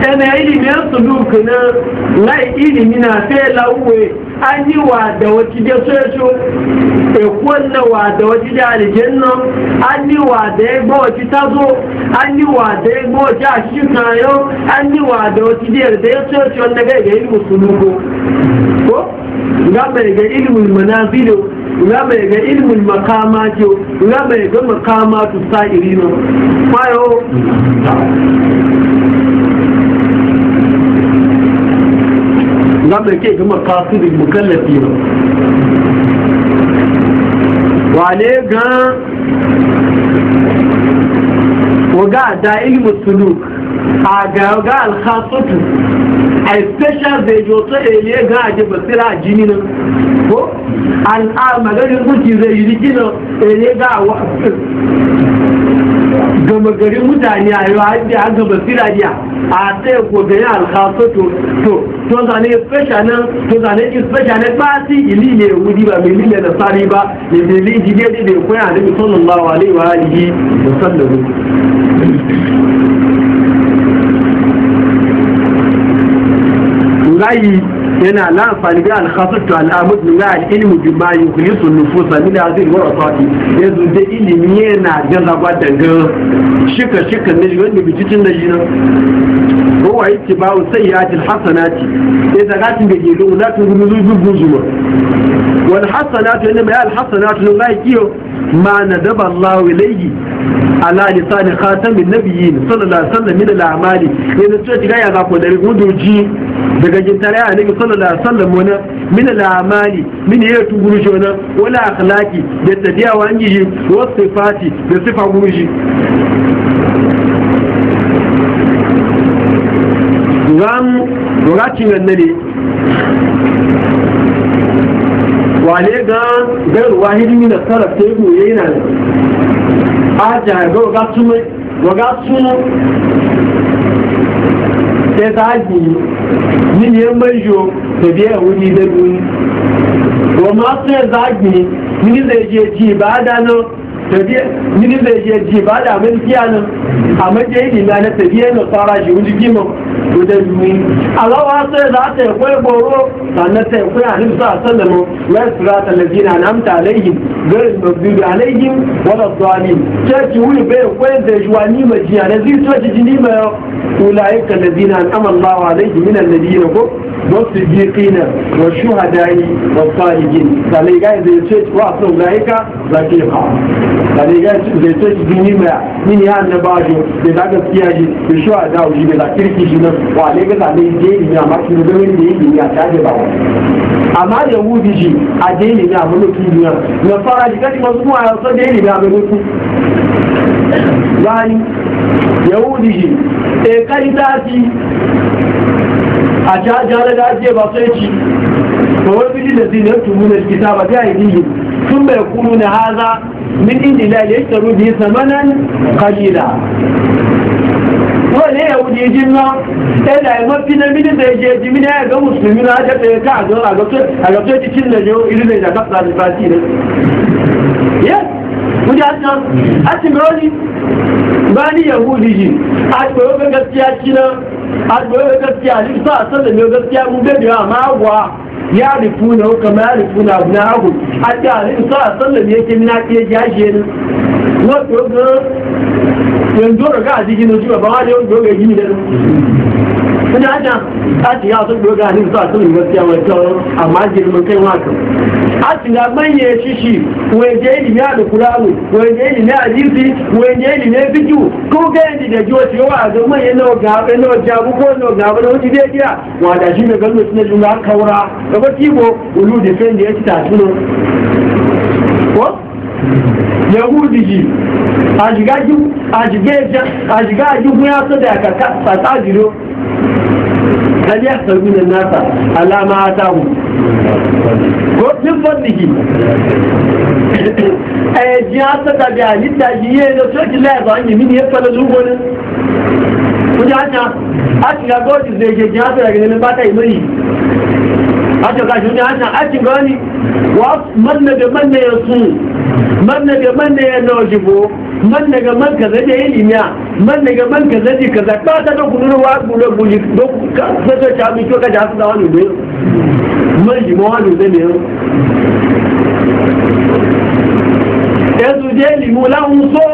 yana ilimin suluk na lai ilimi na sai lauwe an yi wa da wata da soso ekwan na wa da wata da alijanna an yi wa da ya gba wata tazo an yi wa da ya gba wata a shi kayo an wa da wata da yarda ya soso wanda ga ga ilimin suluko ko ga ga ilimin manazilu nga mai ga ilmin makama ce nga ga makama tu na kwayo nga ke ga mukallafi ga waga da ilmin suluk a ga ga a special da ga basira jini ko al'ar maganin kuci zai yi rikino eh, ne ga wa gama gari mutane a yi hajji a gama sirariya a tsaye ko gani alkhaso to to to zane special nan to zane special nan ba su ili ne wuri ba mai lile da sari ba ne da liji ne da koya da sallallahu alaihi wa alihi wa sallam Rayi yana la amfani da alkhasar to amud min al al'ilmu bi ma yukhlisu nufusa min hadhihi al-warasati yanzu da ilimi yana da zaba daga shika shika ne wanda bi cikin da na. ko wa ittiba'u sayyi'ati al-hasanati idan ga tin da gido la tun gudu gudu wal hasanatu inma al hasanatu la yakiyo ma nadaba Allah ilayhi ala lisan khatamin nabiyyin sallallahu alaihi wasallam min al-amali yanzu to kiga ya ga ko da gudu daga gintare a nabi sallallahu alaihi wasallam wani min al'amali min ya tu gurushi wani wala akhlaqi da tabiya wa an wa sifati da sifa gurushi ran rocin nan ne wale ga garuwa hidimi na sarrafa tegu ya yi aja ga wagatsu mai wagatsu sai miliyan maijo da biya wuri da duni wa masu ya zagi mini zai je ci ba da nan tabiya mini da je ji ba da mun kiya nan amma je yi na na tabiya na fara shi wuji kima to da mu Allah wa sai za ta kai boro sannan sai kai annabi sallallahu alaihi wasallam wa siratal ladina an'amta alaihim ghayril maghdubi alaihim wala dhalin sai ki wuri bai kai da juwani ma ji ana zai to ji ni ma ulaika alladina an'ama Allah alaihim min alladina ko والصديقين والشهداء والصالحين فلذلك زي تشوا أصلا أولئك رفيقا da ne ga da ta ni mai ya na ba jo da da gaskiya ji da shi a dawo ji da kirki shi nan wa ne ga da ne je ni amma shi da wani da yake ya ta ba wa amma da wudi ji a je ni na a ki ni na fara ji kadi masu kuma da yi na mu ku yani yahudi ji e eh, kai ta ci a jajala da ake ba sai ci ba wani da zai ne kitaba ya yi ثم يقولون هذا من إن الله يشتروا به ثمنا قليلا ولا يهود يجمع إلا ما فينا من إذا يجي من هذا مسلمين هذا فيك هذا هذا كذا هذا كذا تشيل له إلى إلى إذا كفر الفاسد يا مجازنا أتمرني bani yahudi ji a koyo ga gaskiya kina a koyo ga gaskiya ni sa san da mai gaskiya mun bebe amma gwa ya rufu na huka ma ya rufu na na hagu a ti a rufu sa sallam ya ke mina ke ya ne yau ga yanzu da ga ajiyar na jiwa ba wa da yau ga yi da kuma ajan a ti ya sun gaskiya amma girman kai wa àti lágbẹ́yẹ ṣíṣì wẹ̀jẹ́ ìlìmí àlùkùránù wẹ̀jẹ́ ìlìmí àdífí wẹ̀jẹ́ ìlìmí fíjù tó gẹ́ẹ̀dì dẹ̀jú ọ̀tí ó wà àdọ́gbẹ́yẹ náà gàbẹ́ náà jà púpọ̀ náà gàbẹ́ náà ó ti dé díà wọ́n àdàjú mẹ́gbẹ́ ló ti lẹ́jú máa kàwọ́ra ẹgbẹ́ tí ìbò olú dìfẹ́ndì ẹ̀ ti tàbí yahudiji àjìgájú àjìgájú fún yàtọ̀ dẹ̀ àkàkà sàtàjìló hal ya sarbi nan nasa alama ta hu ko din fadlihi eh jiya ta da da halitta ne da soki la za ni min ya fara ne ku ja ta a ci ga godi zai je jiya ta daga a wa ya ya man daga man kaza da ilimiya man daga man kaza da kaza ba ta da kunu wa gulo guli do ka sai ta mi to ka da su da wani ne man ji mo wani ne yau yanzu je limu lahun so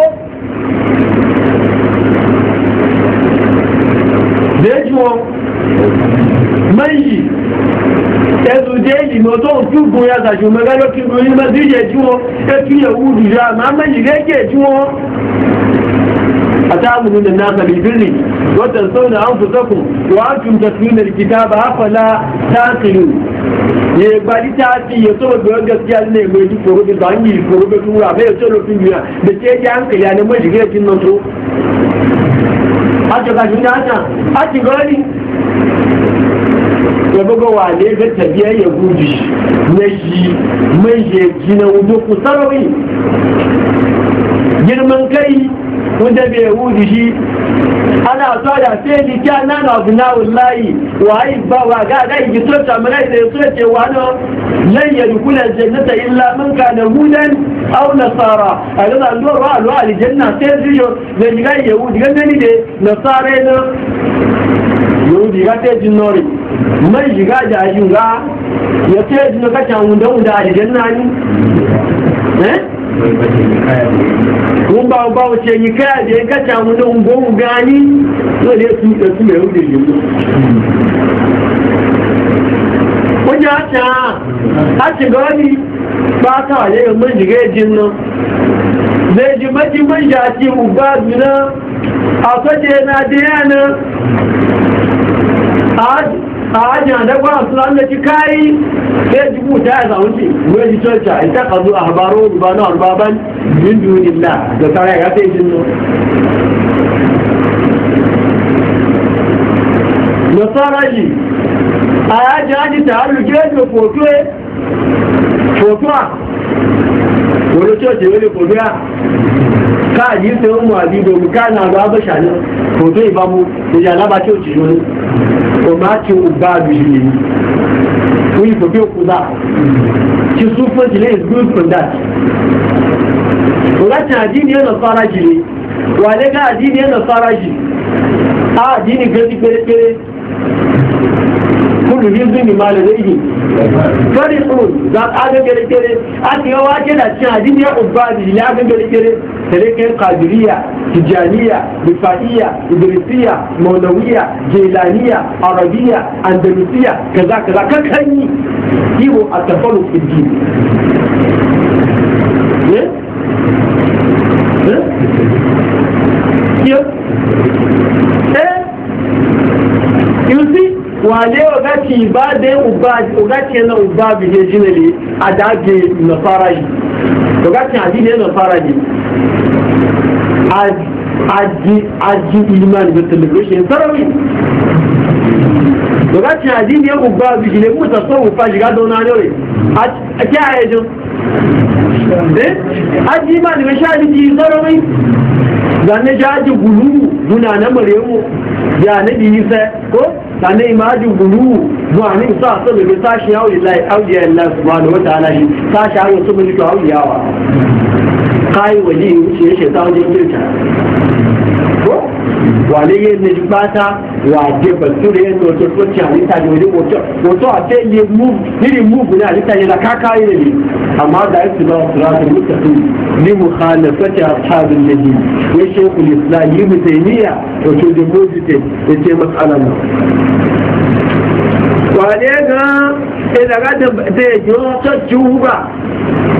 kún ya zàjú mẹ́gálókì lórí mẹ́síjẹ̀ jú wọn ẹkí ẹ̀wú ìjọ àmà mẹ́jìlẹ́gẹ̀ jú wọn أتعملون الناس بالبر وتنسون أنفسكم وأنتم تتلون الكتاب أفلا تعقلون tí a ti yẹ tó gbẹ ọjọ tí a tí ẹ jẹ́ àǹkèlè àná mọ́jì kí ẹ ti nà tó. àjọkàjù ní àjà àti ya buga wale ga tabiya ya guji na shi mai je na wujo ku sarari girman kai wanda bai wuji shi ana so da sai ni kya na abu na wallahi wa ai ba wa ga da yi to ta mana da so ce wa no lan yadkhula jannata illa man kana hudan aw nasara ala da ndo ra alu al janna sai jiyo ne ga yahudi ga ne ne nasara ne yahudi ga te jinori mai shiga da ga ya ce ji na kacin wunda wunda a jijen nani eh kun ba ba wace yi kaya da ya kacin wunda wunda wunda gani so ne su da su mai hudu yi kun ya ce ah, a shiga wani ba ta wale ga mai shiga yajin nan zai ji maji mai ba su na a kwaje na da yana a ajiyar da kwana sulan da ki kayi sai ji buta ya zaun ce wai ji coca ita ka zo a habaro rubanu albaban min dunilla da tsara ya sai jin no nasara ji a ajiyar ji ta haru gefe foto foto wani coci wani komiya ka yi sai bi domin ka na ba ba shani hoto ba mu da jana ba coci wani o ma ce ba bi shi ne ko yi ku za su fa jile is good for that wala ta addini yana fara jile wale ga addini yana fara jile a ne gaji pere pere kullu hizbin bima ladayhi farihun za a ga gare gare a ce yawa ce da cin hadin ya ubadi la ga gare gare tariqin qadiriyya tijaniya rifaiya idrisiya maulawiya jelaniya arabiya andalusiya kaza kaza eh? Eh? Eh? You see? ibade ugace na uba bihe jinali a dage na fara yi ugace adini na fara yi aji imani da celebration sarari ugace adini uba bihe ne musa son ufa shiga don anore a kya yajin aji imani da sha jiki sarari zane jaji gulu duna na maremu ya na bisa ko zane imaji gulu zuwa ne sa so da sashi yawo lillahi auliya Allah subhanahu wa ta'ala shi sashi su mun waje wajen kirta ko wale ye ne bata wa je basure ye to to ti ani ta de wo to wo to ate ye move ni ni move ta ye la kaka ye ni amma da yake da sirat mustaqim ni mukhalafati ashab al-nabi wa shaykh al-islam ibn taymiya to to de mujte ce mas'alan wale ga ìdàgá tẹ ìjọ ake wúgbà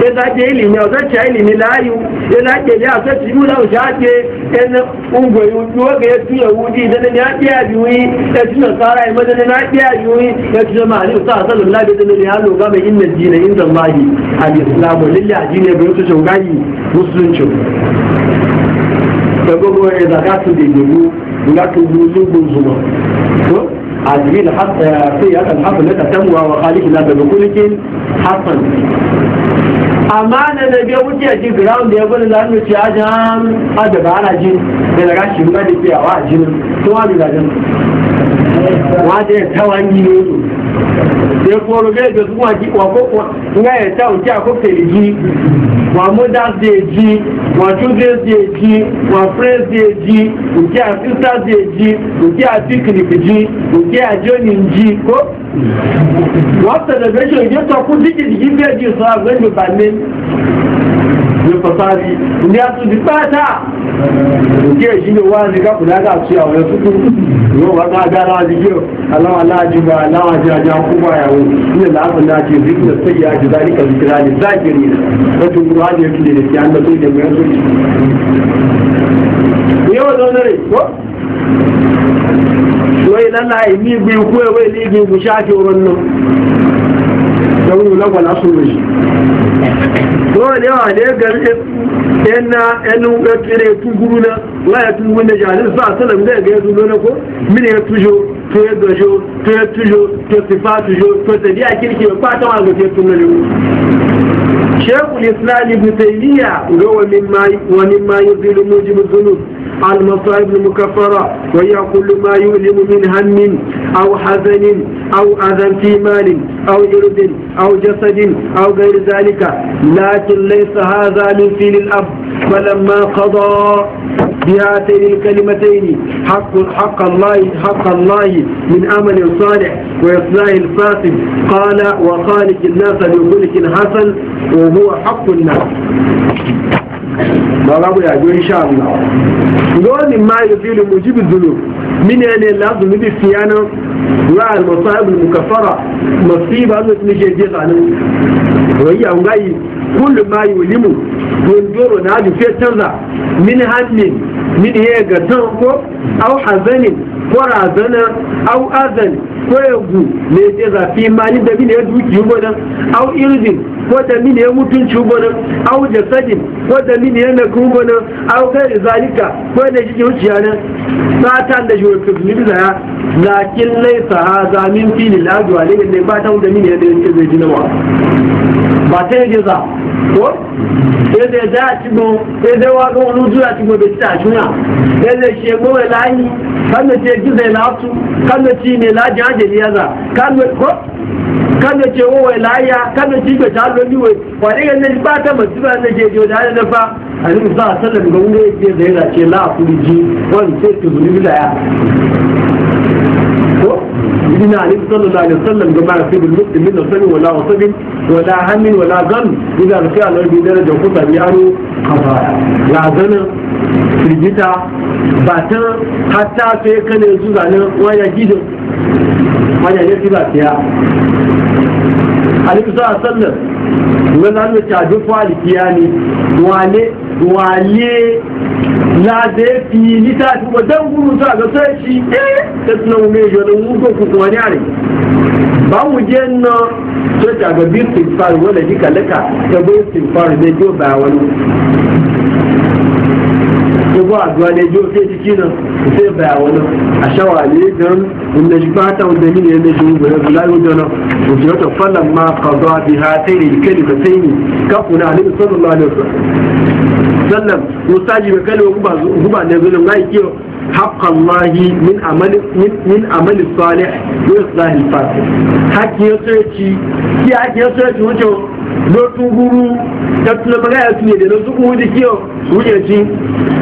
ìdájẹ́ ìlìmí ọ̀sọ́ọ̀tì ìlìmí láàyò ìdájẹ́ ìlú àsọ́ọ̀tì ìlú náà ṣáàjẹ́ ẹni ugbo ìwúdú oge tún na dí ìdẹ́ni ní ápẹ́ àjúwí ẹtún ọ̀sára ìmọ́dẹ́ni ní ápẹ́ àjúwí ẹtún ọmọ àní ọ̀sá àsọ́lù lábẹ́dẹ́ni ní a gábẹ́ ìnà jìnà ìnà máyì àti ìsìlámù lílẹ̀ àjínà ẹgbẹ̀rún tó ṣọ̀gá yìí mùsùlùmí ẹgbogbo ẹ̀dàkátù dègbègbò ìgbàtò gbogbo zùmọ̀ عاجبين حتى في هذا الحرف الذي na وخالف لا بقولك حقا amana na biya wuce a ji ground ya gwada da hannu ciya jan adaba ana ji da daga shi ba da fiyawa a tun tawangi ne da ya koro gai da zuwa ji ko nga ya ta uki akofe ji wa muda day ji wa children's day ji wa friends day ji uki a sisters day ji uki a picnic ji uki a joining ko wa celebration idan ta ku diki diki biya ji sa zan yi ba ne ne a su di bata uki a shi ne wa ne ga kula ka su yawon su yóò wá bá dára àdìjọ́ aláwọ̀ aláàjùmọ̀ aláwọ̀ àjàjà dole yawa ne gari yana yanu ga tsire tuguru na waya tuguru na jahilin sa salam da ga yanzu na ko mini ya tujo fa شيخ الإسلام ابن تيمية هو ومما يزيل موجب الذنوب المصائب المكفرة وهي كل ما يؤلم من هم أو حزن أو أذى في مال أو جلد أو جسد أو غير ذلك لكن ليس هذا من فيل الأب فلما قضى بهاتين الكلمتين حق حق الله حق الله من عمل صالح وإصلاح الفاسد قال وخالق الناس بقولك حسن وهو حق الناس ما لابو يا جو إن شاء الله قول ما يفعل مجيب الذنوب من يعني اللي أظن نبي وعلى المصائب المكفرة مصيبة أظن نجي جيغانا وهي أمغاي kullu ma yulimu gondoro na hadu sai canza min hannun min ya ga tan ko au hazanin ko razana au azan ko yagu ne ce zafi mali da min ya duki gonan au irzin ko da min ya mutunci gonan au jasadin ko da min ya na naku gonan au kai zalika ko da shi zuciya nan satan da jiwa kuzmi da ya lakin laisa hadha min fil adwa ne ba ta da min ya da yake zai jinawa bàtà èdè zà ci èdè ẹ̀dá àtìgbọ̀n èdè wàgbọ̀n olójú àtìgbọ̀n èdè títà àtúnyà ce ṣègbọ́n ẹ̀ láyé kánòtì ẹ̀dúzẹ̀ ẹ̀ látú kánòtì ìmẹ̀ lájà àjẹ̀lẹ̀ yàzà kánòtì owó ẹ̀ láyà kánòtì ìgbẹ̀ta lóníwẹ̀ wàdíyẹ̀ lẹ́yìn bá tẹ̀mọ̀ síbẹ̀ lẹ́jẹ̀ èdè ọ̀dà ẹ̀ lẹ́fà àdúgbò sá àtẹ̀lẹ̀ nǹkan wúlé ẹ̀dẹ̀ ẹ̀ láti ẹ̀ láàfin jí wọ́n ti tẹ̀ tòun níbí ina ali sallallahu alaihi wasallam ga mara sibin mutum min nasabi wala wasabin wala hamin wala zan ina da kai alwar bi daraja ku sami aro kafara ya zana firgita ba ta hatta sai kana yanzu zanen waya gidan waya ne fi ba ta ali sallallahu alaihi wasallam wannan ta duk na da ya fi ni ta fi ba dan guru ta ga sai shi eh ta tuna mu ne jona mu ko ku kuma ne are ba mu je na to ta ga bi tin far wala ji kalaka ta bi tin far ne jo ba wani wa zuwa ne jo sai ciki nan sai baya wani a shawa ne don inda shi ba ta wanda ne yanda shi gobe da lalu da nan wajen wata falon ma ka zuwa bi ha sai ne ne kalima sai ne kafuna alaihi sallallahu alaihi wasallam sallam musaji ba kalima guba ne zulum ga kiyo حق الله من عمل من, من عمل الصالح وإصلاح الفاسد حق يسرتي كي حق يسرتي وجو لو تغرو تتنا بغاية سنة لو تغرو دي كيو وجهتي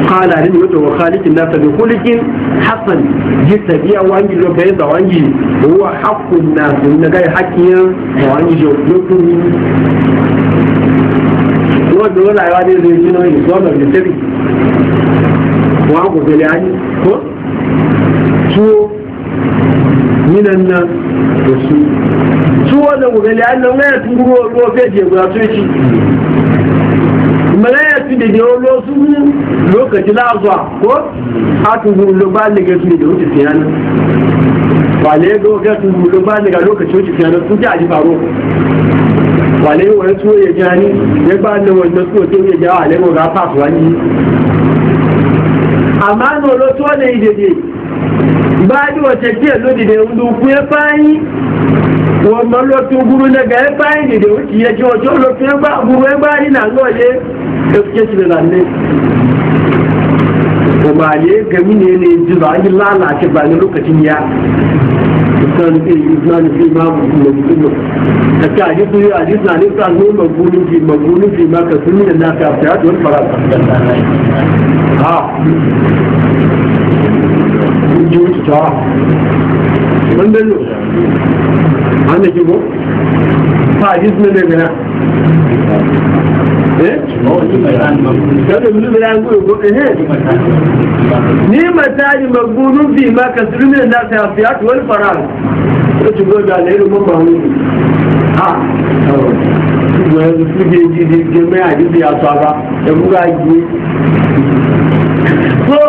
قال علم وجو وخالق الناس بخلق حسن جيت بيا وانجي لو بيضا وانجي هو حق الناس من غير حق وانجي جو لو تغرو wọ́n dúró láìwá ní ilé ìjìnà ìgbọ́nà ìjẹ́rìí amma ku gari ani ko tuwo minan nan da su tuwo da ku gari ani nan ya tun ruwa ruwa feje guda tuci malaya su da yau lo su lokaci lazuwa ko a tun gulo ba ne ke su da wuce tiyana ba ne ga wuce ba ne ga lokaci wuce tiyana su ji faro ba ne wani tuwo ya jani ya ba ne wani tuwo to ya jawa ne ga fasuwa àmá ní olótú ọ̀nà ìdèdè bá da ọ̀tẹ̀ díẹ̀ lódìdè olùkú ẹ báyìí wọ́n mọ́ lótú gúrú lẹ́gà ẹ báyìí dèdè ó ti yẹ kí ọjọ́ lótú ẹ bá gúrú ẹ báyìí nà ń lọ́ọ̀yẹ́ ẹ ba ma ne gami ne ne ji ba an lalace ba ne lokacin ya ta ne fi fi ma ka ka don fara ji ta mun an ko ne Eh? ni matari magbunun bi ma ka zulumin na ta fi hatu wani faran ko ci gobe alairin ah, mun ba hudu ha ṣùgbọ́n ẹni tó gbé jíjí gbé mẹ́rin àdébí aṣọ ara ẹ̀múra gbé so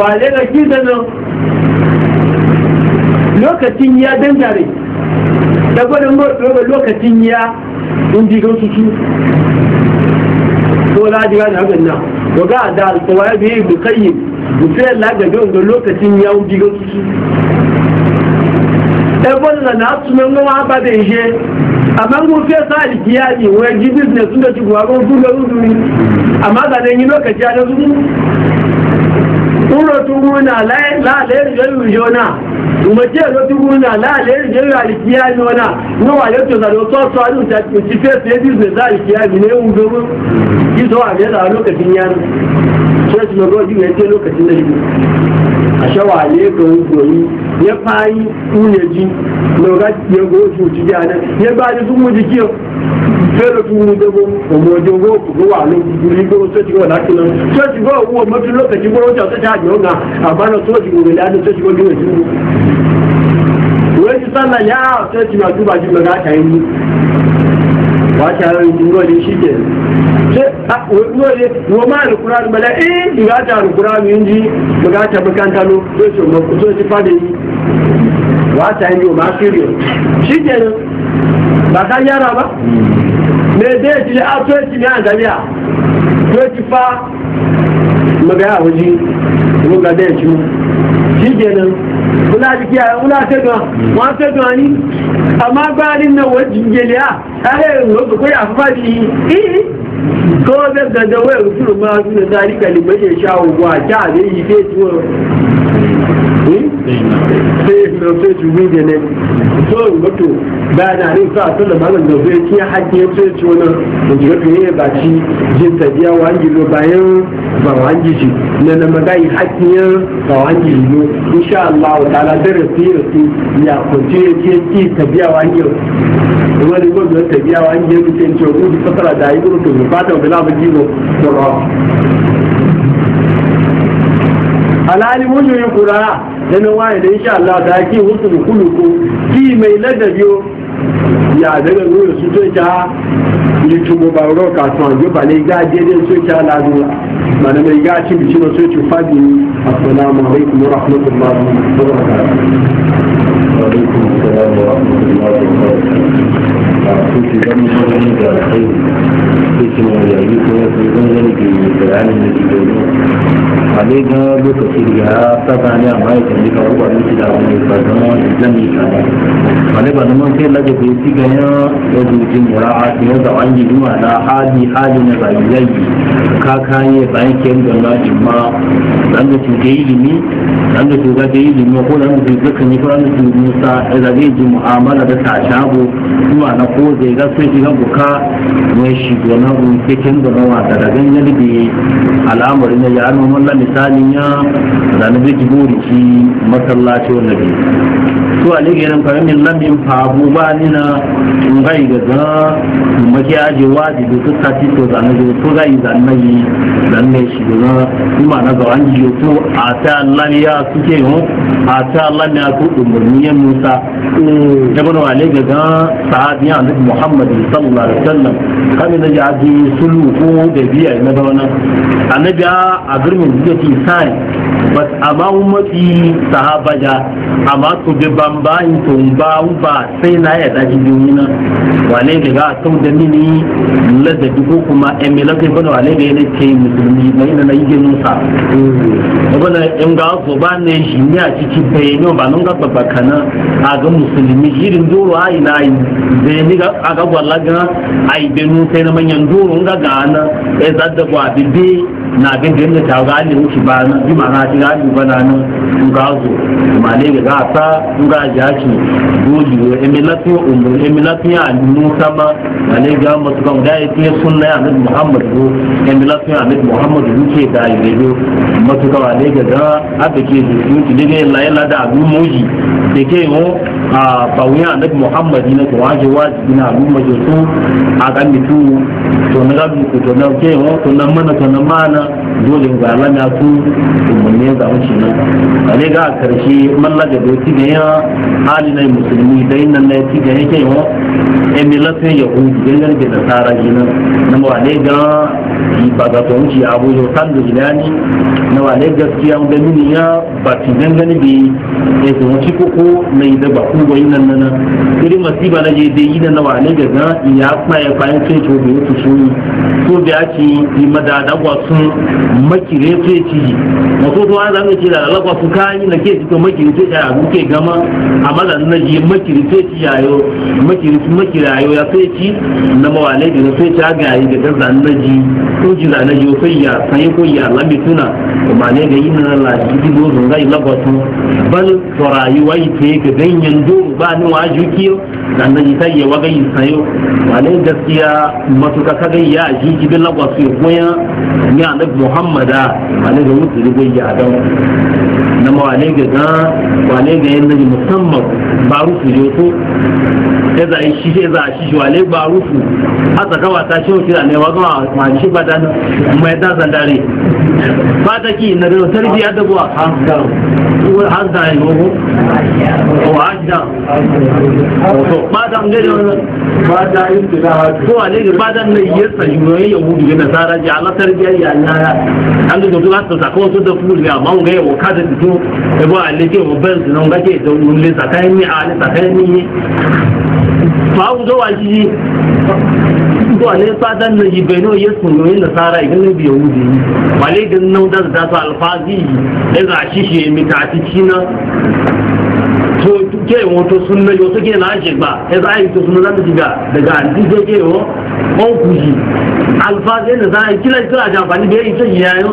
wà lẹ́nu kí dandan lokacin ya dangare da gwada lokacin ya indi gan su. ko laji gani hakan nan ga da alkawai bi bu kai bu sai la ga don da lokacin ya ubi ga su ebon na na ba da amma sa wai ji business da ci gwa ko su ga amma nan yi lokaci a jona ìmọ̀tí ẹ̀rọ tí wọ́n náà láàlẹ́ ìjẹ́rọ àìkíyà ni wọ́n náà yóò tó sàrò tó sọ àdúgbò tàbí òtí fẹ́ẹ̀sì ẹ̀dí ìgbésà àìkíyà ni ní ewu gbogbo kí sọ àgbẹ̀dà lókèkí ní àná ti lọ́gọ́ ojú rẹ̀ dé lókèkí náà yìí jẹ́ àná yẹ bá ní fún mújì gbogbo ọmọ ọjọ́ owó gbogbo sọ́ọ̀tì wọ́n ti sálà yá ọ̀tẹ́ ti wà júbàjú lọ láta ẹni wà á ti ara ìdí wọ́n lè ṣíkẹ̀ ṣe wọ́n lè wọ́n máa lè kúrò àdúgbò lẹ́ ẹ́ ìgbà àti àrùkúrò àmì ń jí lọ́gá àti àbúkáńtà ló tó ṣe ọmọ kó tó ti fàdé yìí wà á shi ẹni ọmọ akérèọ ṣíkẹ̀ ni bàtà yára bá mẹ́ẹ̀dẹ́ ìdílé á tó ẹ̀sìn ní àdáyà tó ti fa lọ́gá àwọn jí ci dẹ́ẹ̀jú shi ni wula jiki a wula ta gan wọn ta gan ni amma gbanin na wajen gele a ahe wadda kwaya a fadi yi ko zai ganda wayar rufin ma su da zalika ya sha wa ta zai yi fe sai da sai juwi da ne so in ba na rin sa da malam da zai hakki ya ci da ba ci jin bayan ba na hakki ya ba insha Allah wa ta'ala da ya ce ki da ce da yi ba mun yi kura yana waye da insha Allah da yake husnul khuluqu ki mai ladabiyo ya daga nuru su to ja ni tumo ba ro ka ton jo ba le ga je de so ja la du ma na mai ga ci ale ga lokaci da ya tsaka ne a bayan kan duka abubuwa da shi da abu ne ba zama wani zan yi kama wani ba zama sai lagos ya ci ganin da jin mura'a ya zama an yi juma na hali hali na zayi yayi kakaye bayan ke yin gama imma an da tuge ilimi an da tuga da ilimi ko da mutum zakan yi ko an da tuge musa da zai ji mu'amala da ta shago kuma na ko zai ga sai shiga buka mai shi gona gun ke kin da nawa da daga yan libe al'amarin na ya almu malla misalin ya da na biki buri shi masallaci wannan bi to a lege nan kamar min lamin fa ba ni na in ga ga maki aje wajibi su ta ci to zanen to ga yi zanen yi lalle shi gona kuma na ga an yi to a ta Allah ya suke yi a ta Allah ne ku umurni Musa da bana wale ga ga sahabi ya Annabi Muhammad sallallahu alaihi wasallam kamin da ya ji sulu ko da biya na da wannan annabi a girmin da ke sai bas amma ummati sahaba ja amma ku bi bamba bambayin to ba ba sai na ya daji duniya wale ga ga sau da mini ladabi ko kuma emila kai bana wale ne nake musulmi mai na na yi nusa wani in ga su ba ne shi ne a ciki bayani ba nun ga babba kana a ga musulmi irin doro ayi na yi zai ni a ga a yi benu sai na manyan doro ga ya zadda gwa bibi na ga da ta ga ne wuce ba na ji ma na ji ga ni bana nan in ga zo ma ne ga za a sa in ga ji haki goji wa emilatu umu emilatu ya nu sama ma ne ga masu kan da ya ke sunna ya nabi muhammad go emilatu ya nabi muhammad wuce da ya go masu ga ne ga za a da ke ji ki ne ga la ya da abu moji da ke yi a ya nabi muhammadu ne ko waje wajibi na abu majo a kan mutu to na ga to na ke yo to na mana to na mana dole ba lana su umarni za mu shi nan ne ga karshe malla da doki da yawa hali na musulmi da yin nan na yaki da yake yi emilatin don yarge da nasara shi nan na ne ga ba ga to wuce abu yau san da jilani na wale gaskiya da mini ya ba ci don gani da ya zuwa ci koko mai da ba ku ga yin nan nan irin masiba na je da yi na ba ne ga ya kwaye kwayan sai to bai wuce shi ko da ake yi madadagwa sun makire ce ci ma ko to an zan ce da alaka ku kani na ke ci to a ce ke gama amma da na ji makire ce ci yayo makire ci makire yayo ya ce ci na mawale da ce ta ga yi da zan na ji ko ji da na ji ko ya sai ko ya lambi tuna kuma ne ga yi na la ji di do zan yi lagwatu bal to rayuwa ce ga ganyen do ba ni wa jukiyo dan na ji sai ya waga yi sayo wale gaskiya matuka kaga ya ji ji bin lagwatu ko ya ya kat muhammada wani ga mutu rigai ya adam na ma ga ga wani ga yin musamman ba rufu ko ẹza ìṣí ẹza àṣìṣòwàlé gba rúfù àtàkàwà ta ṣe òkèrà ní ẹwà gan àwọn àṣìṣe padà mọ ẹdá zandare pàtàkì ìnàdé òtẹ́rì bí adébọ̀ àǹdà ìgbogbo ọwọ́ Ba ta pàtà ń gẹ́rẹ́ ọ̀nà tó wà lẹ́gbẹ̀ẹ́ pàtà ń yẹ sàyùnrọ̀ yẹ wù bìbí na sára jẹ́ alátẹ́rì bí ayé àyára a tó láti sàkọ́ tó dẹ̀ fúlù rẹ̀ àmọ́ ń gẹ́ ẹ̀wọ̀ káàdì tuntun ẹ̀bọ́ àlẹ́gbẹ̀ẹ́ wọn bẹ́ẹ̀ ma ku zo waji zuwa ne fadan na yi bai jibeno ya suno yin nasara idan na biya wuri wale gan nan da za su alfazi da za shi shi mi ta ci na to ke wato sunna yo to ke na ji ba ya za yi to sunna da diga daga anti ke ke yo on kuji alfazi ne za a kila kila jamfani da ya yi ta yayo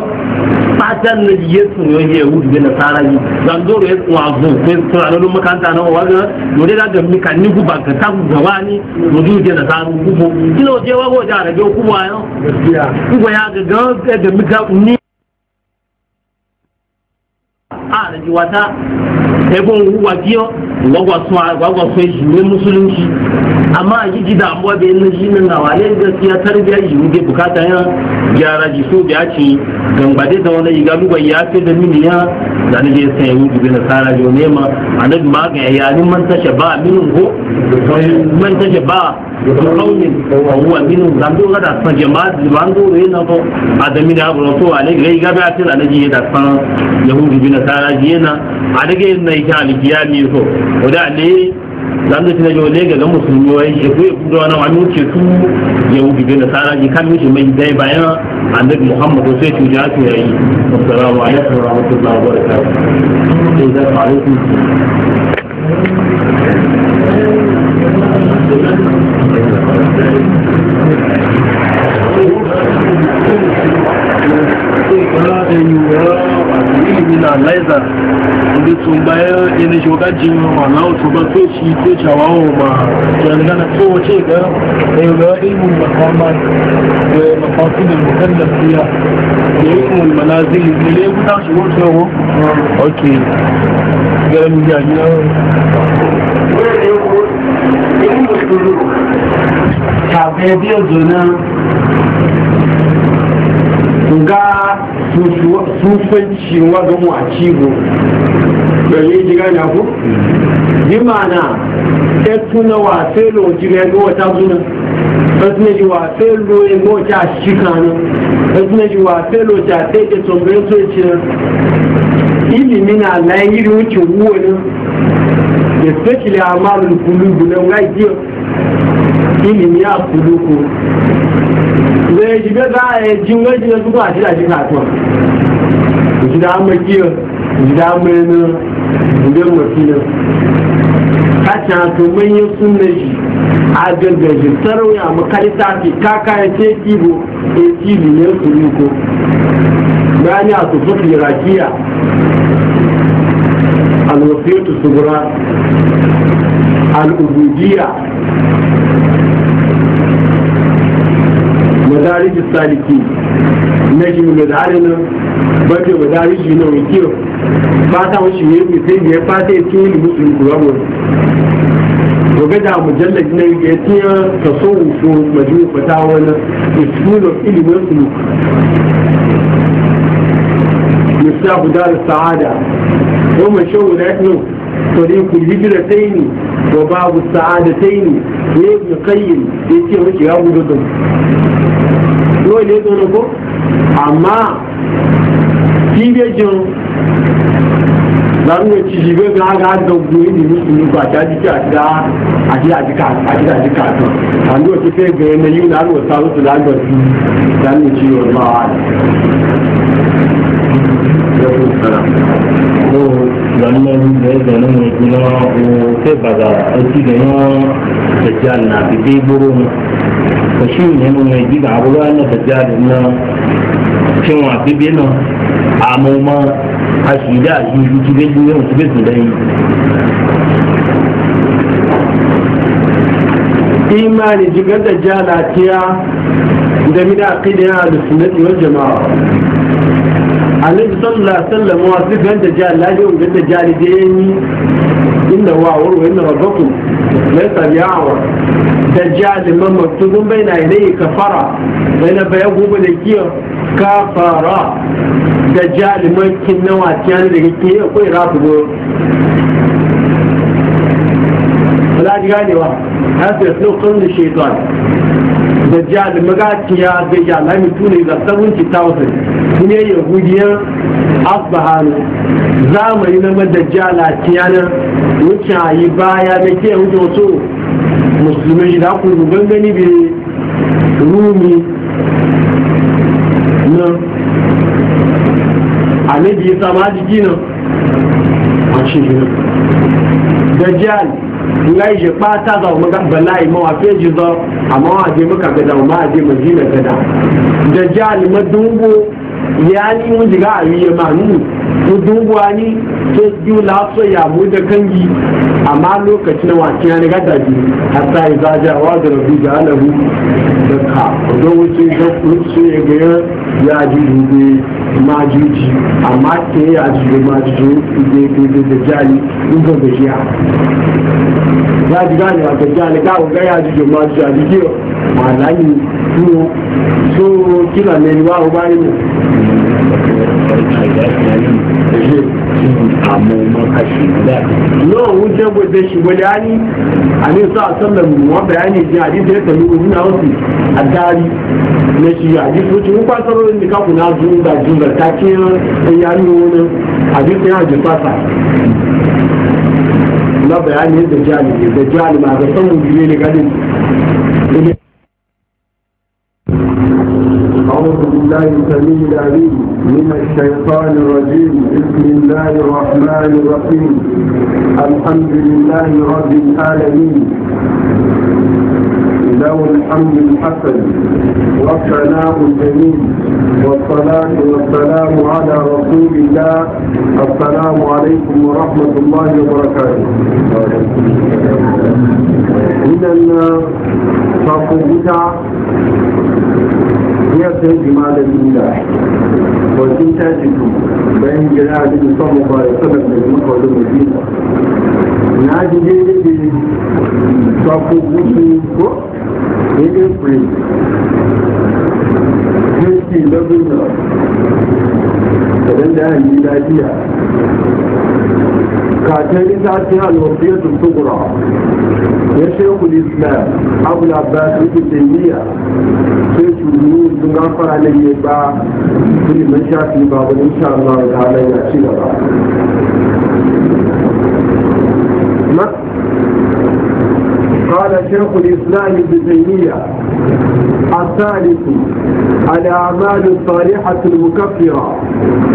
fatan na yesu ne ya wuce na sarari zandoro ya tsuwa zo ko tsananin makanta na wa ga dole da gami mika ni ku banka ta ku wani. ni je na saru ku ko kilo wa go da ga ku ba yo ku ya ga ga ga ni àrẹ̀jù wa ta, ẹgbọ́n òwú wa díọ́ gwagwa sun shi ne musulunci amma a gidi damuwa da yanar shi nan nawa ne gaskiya tarbiya yi muke bukata ya gyara ji so biya ce gambade da wani yi lugwa ya fi da mini ya da ni je sai wuce na nasara jo ne ma annabi ma ga ya ni man tasha ba minin ko man tasha ba kaunin huwa minun dan do da san jama'a ban do ne na ko adami da abu to ale ga iga ba ta da ni da san yahu bi nasara arajiyena adage na ita alkiyami so oda le zan da tinajo le ga musulmi wai e ku ku da wani mu ce tu ya wuce na ji kan mishi mai dai bayan annabi muhammad sai tu ja su yayi assalamu alaikum wa rahmatullahi wa sai Thank you. ndị tumba ya yana shoga jin wala otu ba to shi ko chawa ma yan gana to ce ga da ga ilmu makamat da da al mukallaf fiya da ilmu al manazil ne le ku ta shi wato ho okay mu ga ni ya ẹbí òjò náà nga sufanci wa ga mu a cibo ɗaya ji gane ku yi mana ta tuna wa sai ji ga wata zuna ta tuna ji wa sai ya ga wata shi kanan ta tuna ji wa sai lo ta tsombe ya ci nan ilimi na layin yiri wuce wuwa nan especially a malin kulubu na ngai ilimi ya kuluku zai shiga za a yi jingar shi da duk a shida shi kasuwa shi da an makiyar shi da an mai na gudun kacin to manyan sunna shi a gaggaji sarauya makarita ce kaka ya ce kibo ya e kibi ne su riko gani a tufufi rakiya alwasiyatu subura al'ubudiyya madarij saliki na ji mu da arina ba da madarij na wikiyo ba ta wuce ne mu sai ya fata ya tuni musulmi kuramu to ga da na ya na دار السعادة هم شغل أهله طريق الهجرتين وباب السعادتين وابن قيم يتيه وشي أبو yóò lé tó lóko àmọ́ kí gbé jẹun láwọn ètí ìgbé bí wọn á dọgbọ èyí ní ìlúkọ àti àdìkà àti àdìkà àti àdìkà kan àti òtí fẹẹ bẹ̀rẹ̀ ní yìí láwọn òtá lóṣù lágbọn sí láwọn ètí yorùbá wa. lɔnlɔn bɛ dɔnni mu dunu o tɛ baga o ti dɔnni dajal na bi dai buru mu o shi ne mu ne ji ga wula na dajal na cin wa bibi na amu ma a shi da yi yi ti bɛ dunu o ti bɛ dunu dai imani jigar dajala tiya da mina aqidin ahlus jama'a alaihi sallallahu sallam wa su ganta jihar lafiya wa ganta jihar da ya yi inda wa wuri inda rabbaku mai sabiyawa da jihar liman maktubun bai na kafara bai na bayan gobe da kiyo kafara da jihar liman kin nawa tiyani daga kiyo kawai rafi goyo wala ji ganewa har sai su kan da shaitan da jihar magaciya da jihar lamitu ne 70,000 ne yahudiyan asbahanu zamani na madajjala tiyanar wuce a yi baya da ke wuce wato musulmai shi da ku ruban gani bi rumi na annabi ya sama jiki na a cikin nan dajjal ngai je pata da maga balai mo a feji zo amma a je maka gada ma a je madina gada dajjal madungu 你阿里有几个儿女妈咪？dubwa ni ke biyu lafiya ya mu da kangi amma lokacin na wace ya riga da biyu hatta ya zaja wa da rabu da alahu da ka don wuce da kusa ya ga ya ji dube majuji amma ke ya ji dube majuji dube da jali inda da jiya ya ji gane wa da jali ka ga ya ji dube majuji a jikiyo ma lani so kila ne wa ubani ne yawan wuce gwada shi bayani a ne sa sallar wa bayani ji hadisi ya tabi wani na wasu a dari na shi hadisi wuce kun kwasar wani da kaku na zuwa da zuwa ta ke yayi wani hadisi ya ji fasa na bayani yadda jali ne da jali ma ga san wujire ne gadin أعوذ بالله السميع من الشيطان الرجيم بسم الله الرحمن الرحيم الحمد لله رب العالمين له الحمد الحسن والثناء الجميل والصلاة والسلام على رسول الله السلام عليكم ورحمة الله وبركاته إذا فقد بدع iya yake malamin da wajen tashi bayan gina abin da samun ba ya sanar da maka wajen mutum na ji daidai daidai ba ko gudu ko daidai kuri jirki na gudu kadan da yi lafiya katon littafin alwafiyar tuntugura ya shehu islam abu labarai da taimiyya sai shuguru sun gafara na yi ba ilimin shafi babu insha Allah ta halaye ci gaba الرحمة قال شيخ الإسلام ابن تيمية الثالث الأعمال الصالحة المكفرة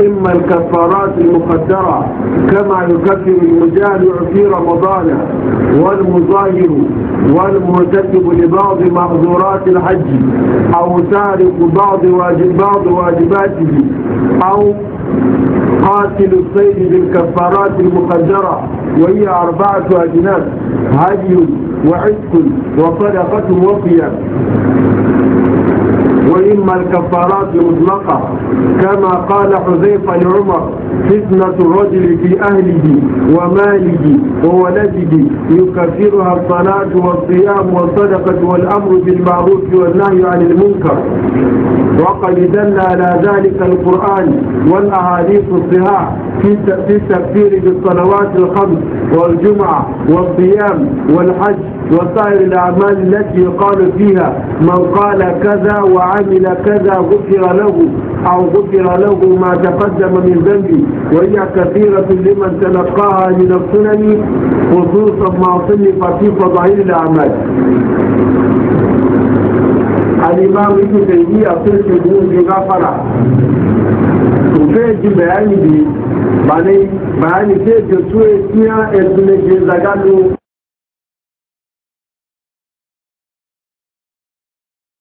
إما الكفارات المقدرة كما يكفر المجامع في رمضان والمظاهر والمرتكب لبعض محظورات الحج أو تارك بعض واجب بعض واجباته أو قاتل الصيد بالكفارات المقدرة وهي أربعة أجناس هدي وعتق وصدقة وصيام وإما الكفارات المطلقة كما قال حذيفة لعمر فتنة الرجل في أهله وماله وولده يكفرها الصلاة والصيام والصدقة والأمر بالمعروف والنهي عن المنكر وقد دل على ذلك القرآن والأحاديث الصحاح في التكفير بالصلوات الخمس والجمعة والصيام والحج وسائر الأعمال التي يقال فيها من قال كذا وعلم عمل كذا غفر له أو غفر له ما تقدم من ذنبه وهي كثيرة لمن تلقاها من السنن خصوصا ما صنف في فضائل الأعمال الإمام ابن تيمية صرف الجنود غفرة وفيه بيان بي بني بيان فيه جسوه فيها ابن جزاقاله